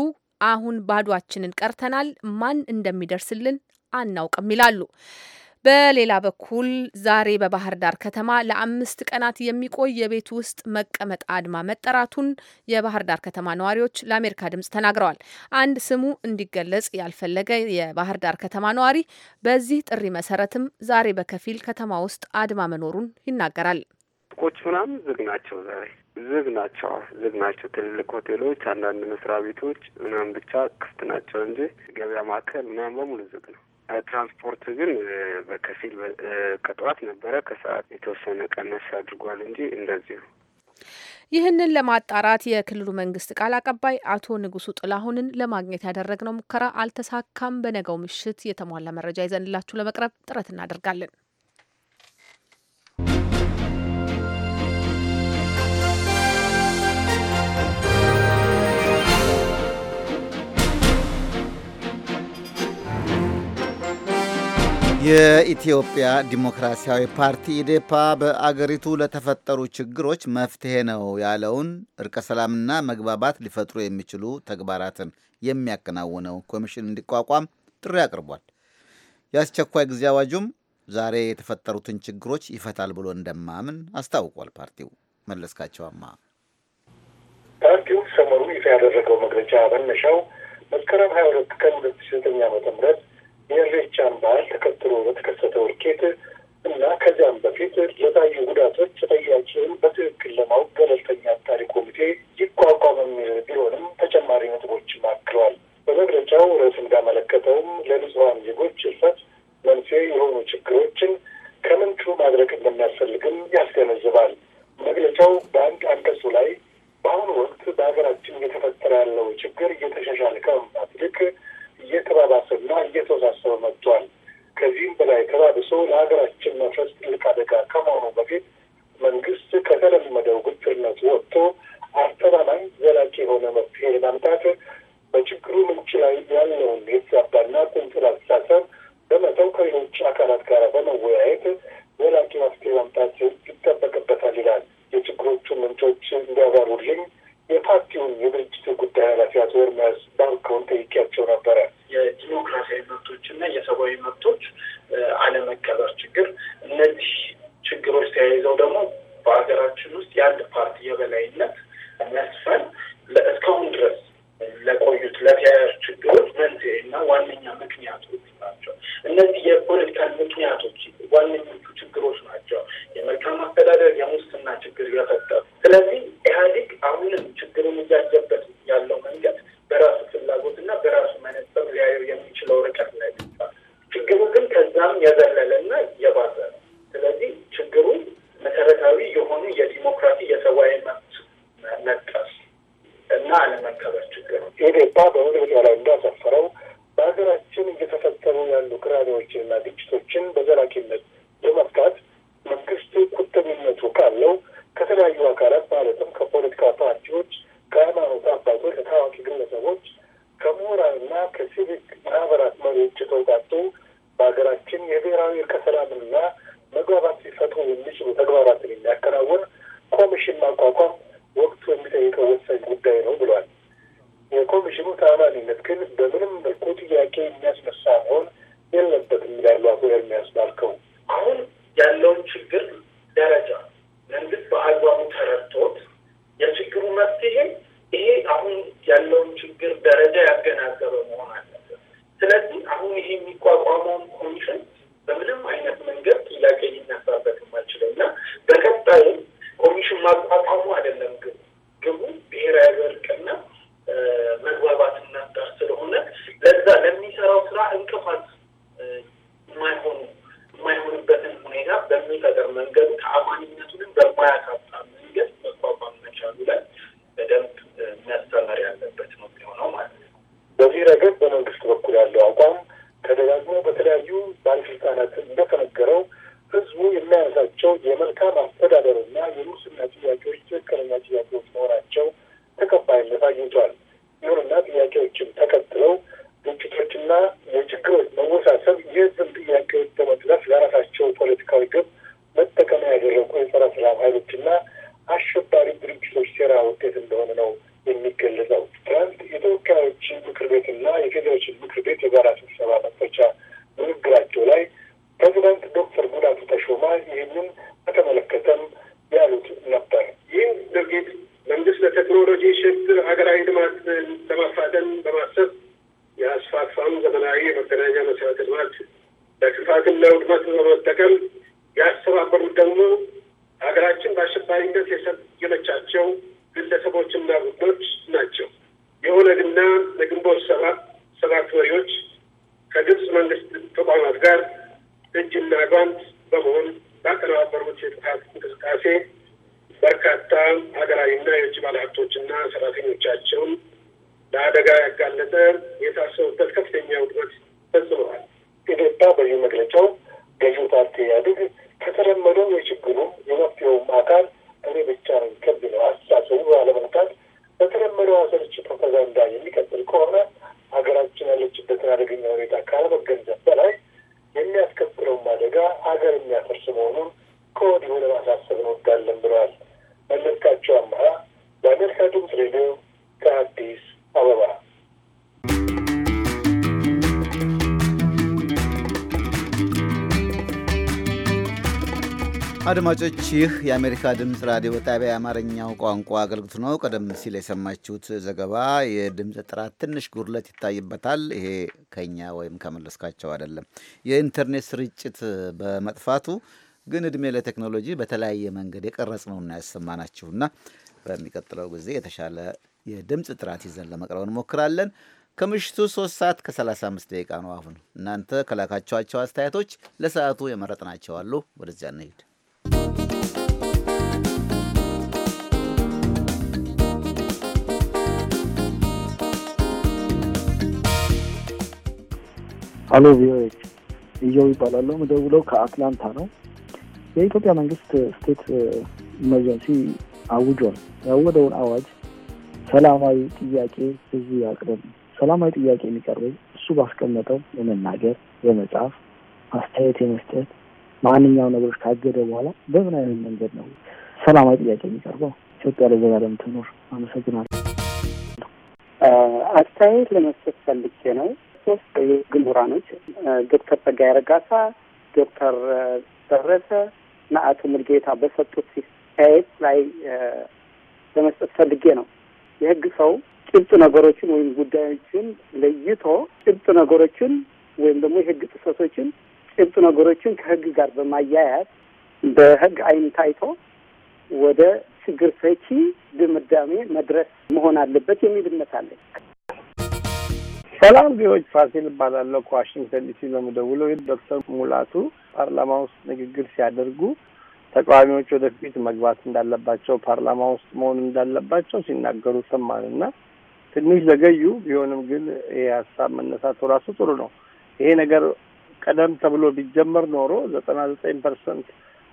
አሁን ባዷችንን ቀርተናል፣ ማን እንደሚደርስልን አናውቅም ይላሉ። በሌላ በኩል ዛሬ በባህር ዳር ከተማ ለአምስት ቀናት የሚቆይ የቤት ውስጥ መቀመጥ አድማ መጠራቱን የባህር ዳር ከተማ ነዋሪዎች ለአሜሪካ ድምጽ ተናግረዋል። አንድ ስሙ እንዲገለጽ ያልፈለገ የባህር ዳር ከተማ ነዋሪ በዚህ ጥሪ መሰረትም ዛሬ በከፊል ከተማ ውስጥ አድማ መኖሩን ይናገራል። ሱቆች ምናምን ዝግ ናቸው። ዛሬ ዝግ ናቸው፣ ዝግ ናቸው። ትልልቅ ሆቴሎች፣ አንዳንድ መስሪያ ቤቶች ምናምን ብቻ ክፍት ናቸው እንጂ ገበያ ማዕከል ምናምን በሙሉ ዝግ ነው። ትራንስፖርት ግን በከፊል ከጠዋት ነበረ፣ ከሰዓት የተወሰነ ቀነስ አድርጓል እንጂ እንደዚሁ። ይህንን ለማጣራት የክልሉ መንግስት ቃል አቀባይ አቶ ንጉሱ ጥላሁንን ለማግኘት ያደረግነው ሙከራ አልተሳካም። በነገው ምሽት የተሟላ መረጃ ይዘንላችሁ ለመቅረብ ጥረት እናደርጋለን። የኢትዮጵያ ዲሞክራሲያዊ ፓርቲ ኢዴፓ በአገሪቱ ለተፈጠሩ ችግሮች መፍትሄ ነው ያለውን እርቀ ሰላምና መግባባት ሊፈጥሩ የሚችሉ ተግባራትን የሚያከናውነው ኮሚሽን እንዲቋቋም ጥሪ አቅርቧል። የአስቸኳይ ጊዜ አዋጁም ዛሬ የተፈጠሩትን ችግሮች ይፈታል ብሎ እንደማምን አስታውቋል። ፓርቲው መለስካቸዋማ ፓርቲው ሰሞኑን ይፋ ያደረገው መግለጫ መነሻው መስከረም ሀያ ሁለት ቀን ሁለት ሺ ዘጠኝ ዓመተ ምህረት የኢሬቻን በዓል ተከትሎ በተከሰተው እልቂት እና ከዚያም በፊት ለታዩ ጉዳቶች ተጠያቂውን በትክክል ለማወቅ ገለልተኛ አጣሪ ኮሚቴ ይቋቋም የሚል ቢሆንም ተጨማሪ ነጥቦችም አክለዋል። በመግለጫው ርዕስ እንዳመለከተውም ለንጹሐን ዜጎች እልፈት መንስኤ የሆኑ ችግሮችን ከምንቹ ማድረግ እንደሚያስፈልግም ያስገነዝባል። መግለጫው በአንድ አንቀጹ ላይ በአሁኑ ወቅት በሀገራችን እየተፈጠረ ያለው ችግር እየተሻሻለ ከመምጣት ይልቅ እየተባባሰና እየተወሳሰበ መጥቷል። ከዚህም በላይ ተባብሶ ለሀገራችን መፍረስ ትልቅ አደጋ ከመሆኑ በፊት መንግስት ከተለመደው ግትርነት ወጥቶ አስተማማኝ ዘላቂ የሆነ መፍትሄ ማምጣት በችግሩ ምንጭ ላይ ያለውን የተዛባና ቁንጽል አስተሳሰብ በመተው ከሌሎች አካላት ጋር በመወያየት ዘላቂ መፍትሄ ማምጣት ይጠበቅበታል ይላል። የችግሮቹ ምንጮች እንዲያብራሩልኝ የፓርቲውን የድርጅቱ ጉዳይ ኃላፊ አቶ ኤርሚያስ ባንክን ጠይቄያቸው ነበረ። የዲሞክራሲያዊ መብቶች እና የሰብአዊ መብቶች አለመከበር ችግር፣ እነዚህ ችግሮች ተያይዘው ደግሞ በሀገራችን ውስጥ የአንድ ፓርቲ የበላይነት መስፈን እስካሁን ድረስ ለቆዩት ለተያያዙ ችግሮች መንስኤ እና ዋነኛ ምክንያቶች ናቸው። እነዚህ የፖለቲካል ምክንያቶች ዋነኞቹ ችግሮች ናቸው የመልካም አስተዳደር የሙስና ችግር የፈጠሩ። ስለዚህ ኢህአዴግ አሁንም ችግሩን እያየበት ያለው መንገድ በራሱ ፍላጎት እና በራሱ መነጽር ሊያየው የሚችለው ርቀት ላይ ደርሷል። ችግሩ ግን ከዛም የዘለለ እና የባዘ ነው። ስለዚህ ችግሩ መሰረታዊ የሆኑ የዲሞክራሲ የሰብአዊ መብት መጠስ እና አለመከበር ችግር ነው። ኢዴፓ በመግለጫ ላይ እንዳሰፈረው በሀገራችን እየተፈጠሩ ያሉ ቅራኔዎችንና ግጭቶችን በዘላቂነት ለመፍታት መንግስት ቁርጠኝነቱ ካለው ከተለያዩ አካላት ማለትም ከፖለቲካ ፓርቲዎች፣ ከሃይማኖት አባቶች፣ ከታዋቂ ግለሰቦች፣ ከምሁራንና ከሲቪክ ማህበራት መሪዎች የተውጣጡ በሀገራችን የብሔራዊ እርቀ መግባባት ሊፈጥሩ የሚችሉ ተግባራትን የሚያከናውን ኮሚሽን ማቋቋም ወቅቱ የሚጠይቀው ወሳኝ ጉዳይ ነው ብሏል። የኮሚሽኑ ተአማኒነት ግን በምንም መልኩ ጥያቄ የሚያስነሳ መሆን የለበትም ይላሉ አቶ ኤርሚያስ ባልከው። አሁን ያለውን ችግር ደረጃ መንግስት በአግባቡ ተረድቶት የችግሩ መፍትሄ ይሄ አሁን ያለውን ችግር ደረጃ ያገናዘበ መሆን አለበት። ስለዚህ አሁን ይሄ የሚቋቋመውን ኮሚሽን በምንም አይነት መንገድ ጥያቄ ሊነሳበት የማይችለው እና በቀጣይም ኮሚሽን ማቋቋሙ አይደለም ግቡ። ግቡ ብሔራዊ እርቅና መግባባት ዳር ስለሆነ ለዛ ለሚሰራው ስራ እንቅፋት የማይሆኑ የማይሆንበትን ሁኔታ በሚፈጠር መንገዱ ተአማኒነቱንም በማያሳጣ መንገድ መቋቋም መቻሉ ላይ በደንብ መስተመር ያለበት ነው የሚሆነው ማለት ነው። በዚህ ረገድ በመንግስት በኩል ያለው አቋም ተደጋግሞ በተለያዩ ባለስልጣናት እንደተነገረው ህዝቡ የሚያዛቸው የመልካም አስተዳደርና የሙስና ጥያቄዎች ትክክለኛ ጥያቄዎች መሆናቸው ተቀባይነት አግኝቷል። ይሁንና ጥያቄዎችን ተከትለው ግጭቶችና የችግሮች መወሳሰብ የህዝብን ጥያቄዎች በመጥለፍ ለራሳቸው ፖለቲካዊ ግብ መጠቀሚያ ያደረጉ የጸረ ሰላም ኃይሎችና አሸባሪ ድርጅቶች ሴራ ውጤት እንደሆነ ነው የሚገለጸው። ትናንት የተወካዮች ምክር ቤትና የፌዴሬሽን ምክር ቤት የጋራ ስብሰባ መክፈቻ ንግግራቸው ላይ ፕሬዚዳንት ዶክተር ጉዳቱ ተሾማ ይህንን በተመለከተም ያሉት ነበር። ይህም ድርጊት መንግስት ለቴክኖሎጂ ሽግግር ሀገራዊ ልማት ለማፋጠን በማሰብ የአስፋፋም ዘመናዊ የመገናኛ መሰረተ ልማት ለክፋትና ውድመት በመጠቀም ያስተባበሩት ደግሞ ሀገራችን በአሸባሪነት የሰየለቻቸው ግለሰቦችና ቡድኖች ናቸው። የኦነግና ለግንቦት ሰባት ሰባት መሪዎች ከግብፅ መንግስት ተቋማት ጋር እጅና ጓንት በመሆን ባቀነባበሩት የጥፋት እንቅስቃሴ በርካታ ሀገራዊና የውጭ ባለሀብቶችና ሰራተኞቻቸውን ለአደጋ ያጋለጠ የታሰቡበት ከፍተኛ ውድበት ፈጽመዋል። ኢዴፓ በዚህ መግለጫው ገዢው ፓርቲ ኢህአዴግ ከተለመደው የችግሩም የመፍትሄውም አካል እኔ ብቻ ነኝ ከሚለው አስተሳሰቡ ባለመውጣት በተለመደው አሰልቺ ፕሮፓጋንዳ የሚቀጥል ከሆነ ሀገራችን ያለችበትን አደገኛ ሁኔታ ካለመገንዘብ በላይ የሚያስከትለውም አደጋ ሀገር የሚያፈርስ መሆኑን ከወዲሁ ለማሳሰብ እንወዳለን ብለዋል። መለስካቸው አምሃ ለአሜሪካ ድምፅ ሬዲዮ ከአዲስ አበባ አድማጮች ይህ የአሜሪካ ድምፅ ራዲዮ ጣቢያ የአማርኛው ቋንቋ አገልግሎት ነው። ቀደም ሲል የሰማችሁት ዘገባ የድምፅ ጥራት ትንሽ ጉድለት ይታይበታል። ይሄ ከኛ ወይም ከመለስካቸው አይደለም። የኢንተርኔት ስርጭት በመጥፋቱ ግን እድሜ ለቴክኖሎጂ በተለያየ መንገድ የቀረጽ ነውና ያሰማናችሁና በሚቀጥለው ጊዜ የተሻለ የድምፅ ጥራት ይዘን ለመቅረብ እንሞክራለን። ከምሽቱ 3 ሰዓት ከ35 ደቂቃ ነው አሁን። እናንተ ከላካቸኋቸው አስተያየቶች ለሰዓቱ የመረጥናቸው አሉ። ወደዚያ እንሂድ። አሎ ቪዮች እየው ይባላለሁ። ምደውለው ከአትላንታ ነው። የኢትዮጵያ መንግስት ስቴት ኢመርጀንሲ uh, አውጇል። ያወደውን አዋጅ ሰላማዊ ጥያቄ እዚህ ያቅርብ። ሰላማዊ ጥያቄ የሚቀርበው እሱ ባስቀመጠው የመናገር፣ የመጻፍ፣ አስተያየት የመስጠት ማንኛውም ነገሮች ካገደ በኋላ በምን አይነት መንገድ ነው ሰላማዊ ጥያቄ የሚቀርበው? ኢትዮጵያ ለዘላለም ትኑር። አመሰግናለሁ። uh, አስተያየት ለመስጠት ፈልጌ ነው። ሶስት ምሁራኖች ዶክተር ጸጋዬ ረጋሳ፣ ዶክተር ደረሰ እና አቶ ሙልጌታ በሰጡት አስተያየት ላይ ለመስጠት ፈልጌ ነው። የህግ ሰው ጭብጥ ነገሮችን ወይም ጉዳዮችን ለይቶ ጭብጥ ነገሮችን ወይም ደግሞ የህግ ጥሰቶችን ጭብጥ ነገሮችን ከህግ ጋር በማያያዝ በህግ አይን ታይቶ ወደ ችግር ፈቺ ድምዳሜ መድረስ መሆን አለበት የሚል እምነት አለኝ። ሰላም ቢዎች ፋሲል እባላለሁ። ከዋሽንግተን ዲሲ ነው የምደውለው። ዶክተር ሙላቱ ፓርላማ ውስጥ ንግግር ሲያደርጉ ተቃዋሚዎች ወደፊት መግባት እንዳለባቸው ፓርላማ ውስጥ መሆን እንዳለባቸው ሲናገሩ ሰማን እና ትንሽ ዘገዩ። ቢሆንም ግን ይሄ ሀሳብ መነሳቱ ራሱ ጥሩ ነው። ይሄ ነገር ቀደም ተብሎ ቢጀመር ኖሮ ዘጠና ዘጠኝ ፐርሰንት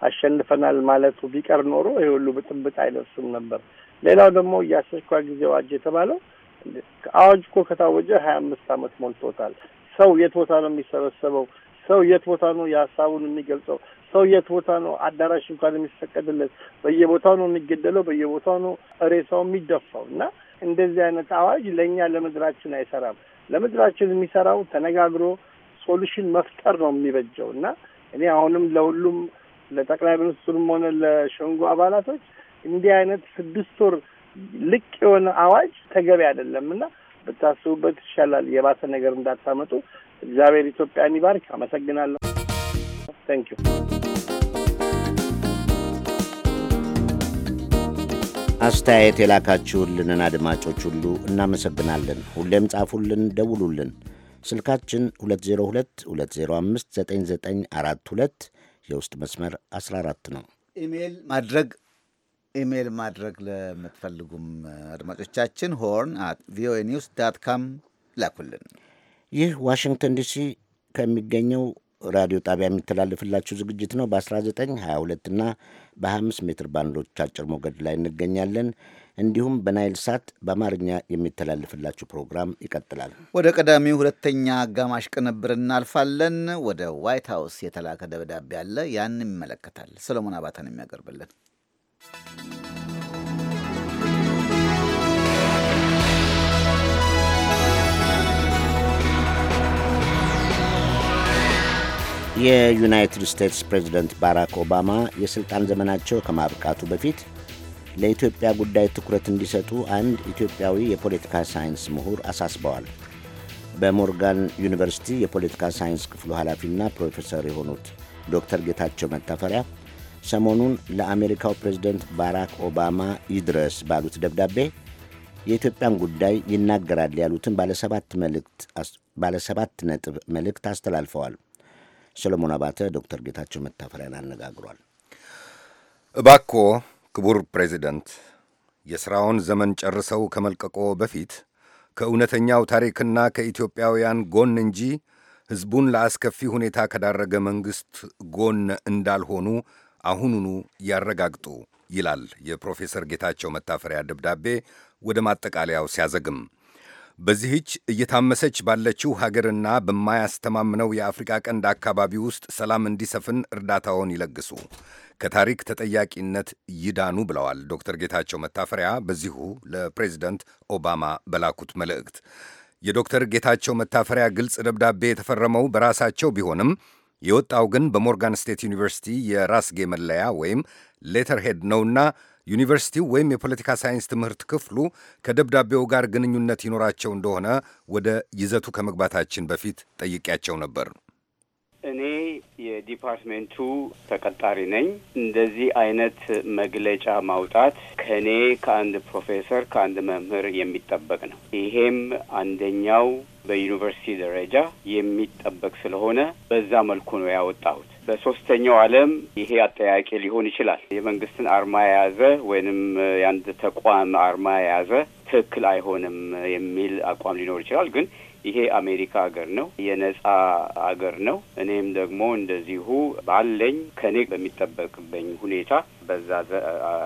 አሸንፈናል ማለቱ ቢቀር ኖሮ ይሄ ሁሉ ብጥብጥ አይደርስም ነበር። ሌላው ደግሞ የአስቸኳይ ጊዜ አዋጅ የተባለው አዋጅ እኮ ከታወጀ ሀያ አምስት አመት ሞልቶታል። ሰው የት ቦታ ነው የሚሰበሰበው? ሰው የት ቦታ ነው የሀሳቡን የሚገልጸው? ሰው የት ቦታ ነው አዳራሽ እንኳን የሚፈቀድለት? በየቦታው ነው የሚገደለው፣ በየቦታው ነው ሬሳው የሚደፋው። እና እንደዚህ አይነት አዋጅ ለእኛ ለምድራችን አይሰራም። ለምድራችን የሚሰራው ተነጋግሮ ሶሉሽን መፍጠር ነው የሚበጀው። እና እኔ አሁንም ለሁሉም ለጠቅላይ ሚኒስትሩም ሆነ ለሸንጎ አባላቶች እንዲህ አይነት ስድስት ወር ልቅ የሆነ አዋጅ ተገቢ አይደለም እና ብታስቡበት ይሻላል። የባሰ ነገር እንዳታመጡ። እግዚአብሔር ኢትዮጵያን ይባርክ። አመሰግናለሁ። ታንክ ዩ። አስተያየት የላካችሁልንን አድማጮች ሁሉ እናመሰግናለን። ሁሌም ጻፉልን፣ ደውሉልን። ስልካችን 202 የውስጥ መስመር 14 ነው። ኢሜይል ማድረግ ኢሜይል ማድረግ ለምትፈልጉም አድማጮቻችን ሆርን አት ቪኦኤ ኒውስ ዳት ካም ላኩልን። ይህ ዋሽንግተን ዲሲ ከሚገኘው ራዲዮ ጣቢያ የሚተላለፍላችሁ ዝግጅት ነው። በ19፣ 22 እና በ25 ሜትር ባንዶች አጭር ሞገድ ላይ እንገኛለን። እንዲሁም በናይል ሳት በአማርኛ የሚተላለፍላችሁ ፕሮግራም ይቀጥላል። ወደ ቀዳሚው ሁለተኛ አጋማሽ ቅንብር እናልፋለን። ወደ ዋይት ሀውስ የተላከ ደብዳቤ አለ፣ ያን ይመለከታል። ሰሎሞን አባተን የሚያቀርብልን የዩናይትድ ስቴትስ ፕሬዝደንት ባራክ ኦባማ የሥልጣን ዘመናቸው ከማብቃቱ በፊት ለኢትዮጵያ ጉዳይ ትኩረት እንዲሰጡ አንድ ኢትዮጵያዊ የፖለቲካ ሳይንስ ምሁር አሳስበዋል። በሞርጋን ዩኒቨርሲቲ የፖለቲካ ሳይንስ ክፍሉ ኃላፊና ፕሮፌሰር የሆኑት ዶክተር ጌታቸው መታፈሪያ ሰሞኑን ለአሜሪካው ፕሬዝደንት ባራክ ኦባማ ይድረስ ባሉት ደብዳቤ የኢትዮጵያን ጉዳይ ይናገራል ያሉትን ባለሰባት ነጥብ መልእክት አስተላልፈዋል። ሰሎሞን አባተ ዶክተር ጌታቸው መታፈሪያን አነጋግሯል። እባክዎ ክቡር ፕሬዚደንት የሥራውን ዘመን ጨርሰው ከመልቀቆ በፊት ከእውነተኛው ታሪክና ከኢትዮጵያውያን ጎን እንጂ ሕዝቡን ለአስከፊ ሁኔታ ከዳረገ መንግሥት ጎን እንዳልሆኑ አሁኑኑ ያረጋግጡ ይላል የፕሮፌሰር ጌታቸው መታፈሪያ ደብዳቤ ወደ ማጠቃለያው ሲያዘግም በዚህች እየታመሰች ባለችው ሀገርና በማያስተማምነው የአፍሪቃ ቀንድ አካባቢ ውስጥ ሰላም እንዲሰፍን እርዳታውን ይለግሱ፣ ከታሪክ ተጠያቂነት ይዳኑ ብለዋል ዶክተር ጌታቸው መታፈሪያ በዚሁ ለፕሬዚደንት ኦባማ በላኩት መልእክት። የዶክተር ጌታቸው መታፈሪያ ግልጽ ደብዳቤ የተፈረመው በራሳቸው ቢሆንም የወጣው ግን በሞርጋን ስቴት ዩኒቨርሲቲ የራስጌ መለያ ወይም ሌተር ሄድ ነውና ዩኒቨርሲቲው ወይም የፖለቲካ ሳይንስ ትምህርት ክፍሉ ከደብዳቤው ጋር ግንኙነት ይኖራቸው እንደሆነ ወደ ይዘቱ ከመግባታችን በፊት ጠይቄያቸው ነበር። እኔ የዲፓርትሜንቱ ተቀጣሪ ነኝ። እንደዚህ አይነት መግለጫ ማውጣት ከእኔ ከአንድ ፕሮፌሰር ከአንድ መምህር የሚጠበቅ ነው። ይሄም አንደኛው በዩኒቨርሲቲ ደረጃ የሚጠበቅ ስለሆነ በዛ መልኩ ነው ያወጣሁት። በሶስተኛው ዓለም ይሄ አጠያቂ ሊሆን ይችላል። የመንግስትን አርማ የያዘ ወይንም የአንድ ተቋም አርማ የያዘ ትክክል አይሆንም የሚል አቋም ሊኖር ይችላል ግን ይሄ አሜሪካ ሀገር ነው፣ የነጻ አገር ነው። እኔም ደግሞ እንደዚሁ ባለኝ ከኔ በሚጠበቅበኝ ሁኔታ በዛ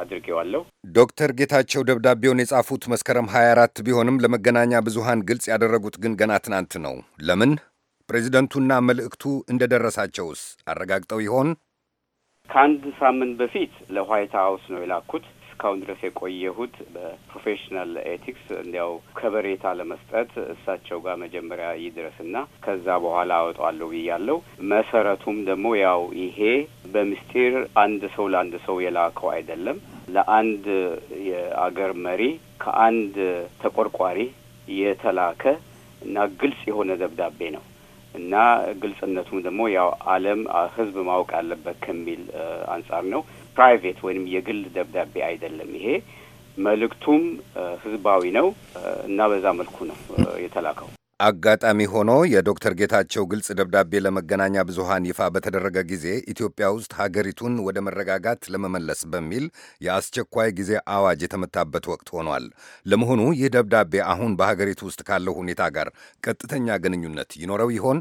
አድርጌዋለሁ። ዶክተር ጌታቸው ደብዳቤውን የጻፉት መስከረም 24 ቢሆንም ለመገናኛ ብዙሃን ግልጽ ያደረጉት ግን ገና ትናንት ነው። ለምን? ፕሬዚደንቱና መልእክቱ እንደደረሳቸውስ አረጋግጠው ይሆን? ከአንድ ሳምንት በፊት ለዋይት ሀውስ ነው የላኩት። እስካሁን ድረስ የቆየሁት በፕሮፌሽናል ኤቲክስ እንዲያው ከበሬታ ለመስጠት እሳቸው ጋር መጀመሪያ ይድረስና ከዛ በኋላ አወጣዋለሁ ብያለሁ። መሰረቱም ደግሞ ያው ይሄ በምስጢር አንድ ሰው ለአንድ ሰው የላከው አይደለም። ለአንድ የአገር መሪ ከአንድ ተቆርቋሪ የተላከ እና ግልጽ የሆነ ደብዳቤ ነው እና ግልጽነቱም ደግሞ ያው ዓለም ሕዝብ ማወቅ አለበት ከሚል አንጻር ነው። ፕራይቬት ወይም የግል ደብዳቤ አይደለም። ይሄ መልእክቱም ህዝባዊ ነው እና በዛ መልኩ ነው የተላከው። አጋጣሚ ሆኖ የዶክተር ጌታቸው ግልጽ ደብዳቤ ለመገናኛ ብዙሃን ይፋ በተደረገ ጊዜ ኢትዮጵያ ውስጥ ሀገሪቱን ወደ መረጋጋት ለመመለስ በሚል የአስቸኳይ ጊዜ አዋጅ የተመታበት ወቅት ሆኗል። ለመሆኑ ይህ ደብዳቤ አሁን በሀገሪቱ ውስጥ ካለው ሁኔታ ጋር ቀጥተኛ ግንኙነት ይኖረው ይሆን?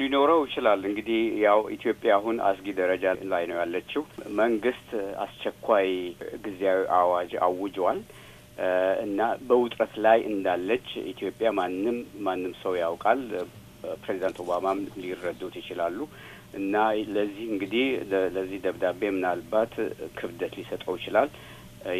ሊኖረው ይችላል። እንግዲህ ያው ኢትዮጵያ አሁን አስጊ ደረጃ ላይ ነው ያለችው። መንግስት አስቸኳይ ጊዜያዊ አዋጅ አውጇል እና በውጥረት ላይ እንዳለች ኢትዮጵያ ማንም ማንም ሰው ያውቃል። ፕሬዚዳንት ኦባማም ሊረዱት ይችላሉ። እና ለዚህ እንግዲህ ለዚህ ደብዳቤ ምናልባት ክብደት ሊሰጠው ይችላል።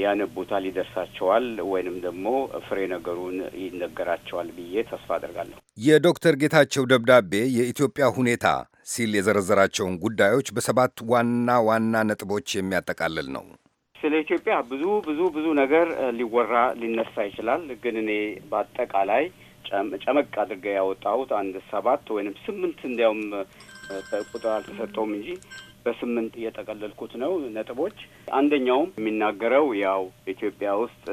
ያነቡታል፣ ይደርሳቸዋል፣ ወይንም ደግሞ ፍሬ ነገሩን ይነገራቸዋል ብዬ ተስፋ አደርጋለሁ። የዶክተር ጌታቸው ደብዳቤ የኢትዮጵያ ሁኔታ ሲል የዘረዘራቸውን ጉዳዮች በሰባት ዋና ዋና ነጥቦች የሚያጠቃልል ነው። ስለ ኢትዮጵያ ብዙ ብዙ ብዙ ነገር ሊወራ ሊነሳ ይችላል። ግን እኔ በአጠቃላይ ጨመቅ አድርገ ያወጣሁት አንድ ሰባት ወይንም ስምንት እንዲያውም ቁጥር አልተሰጠውም እንጂ በስምንት እየጠቀለልኩት ነው ነጥቦች። አንደኛውም የሚናገረው ያው ኢትዮጵያ ውስጥ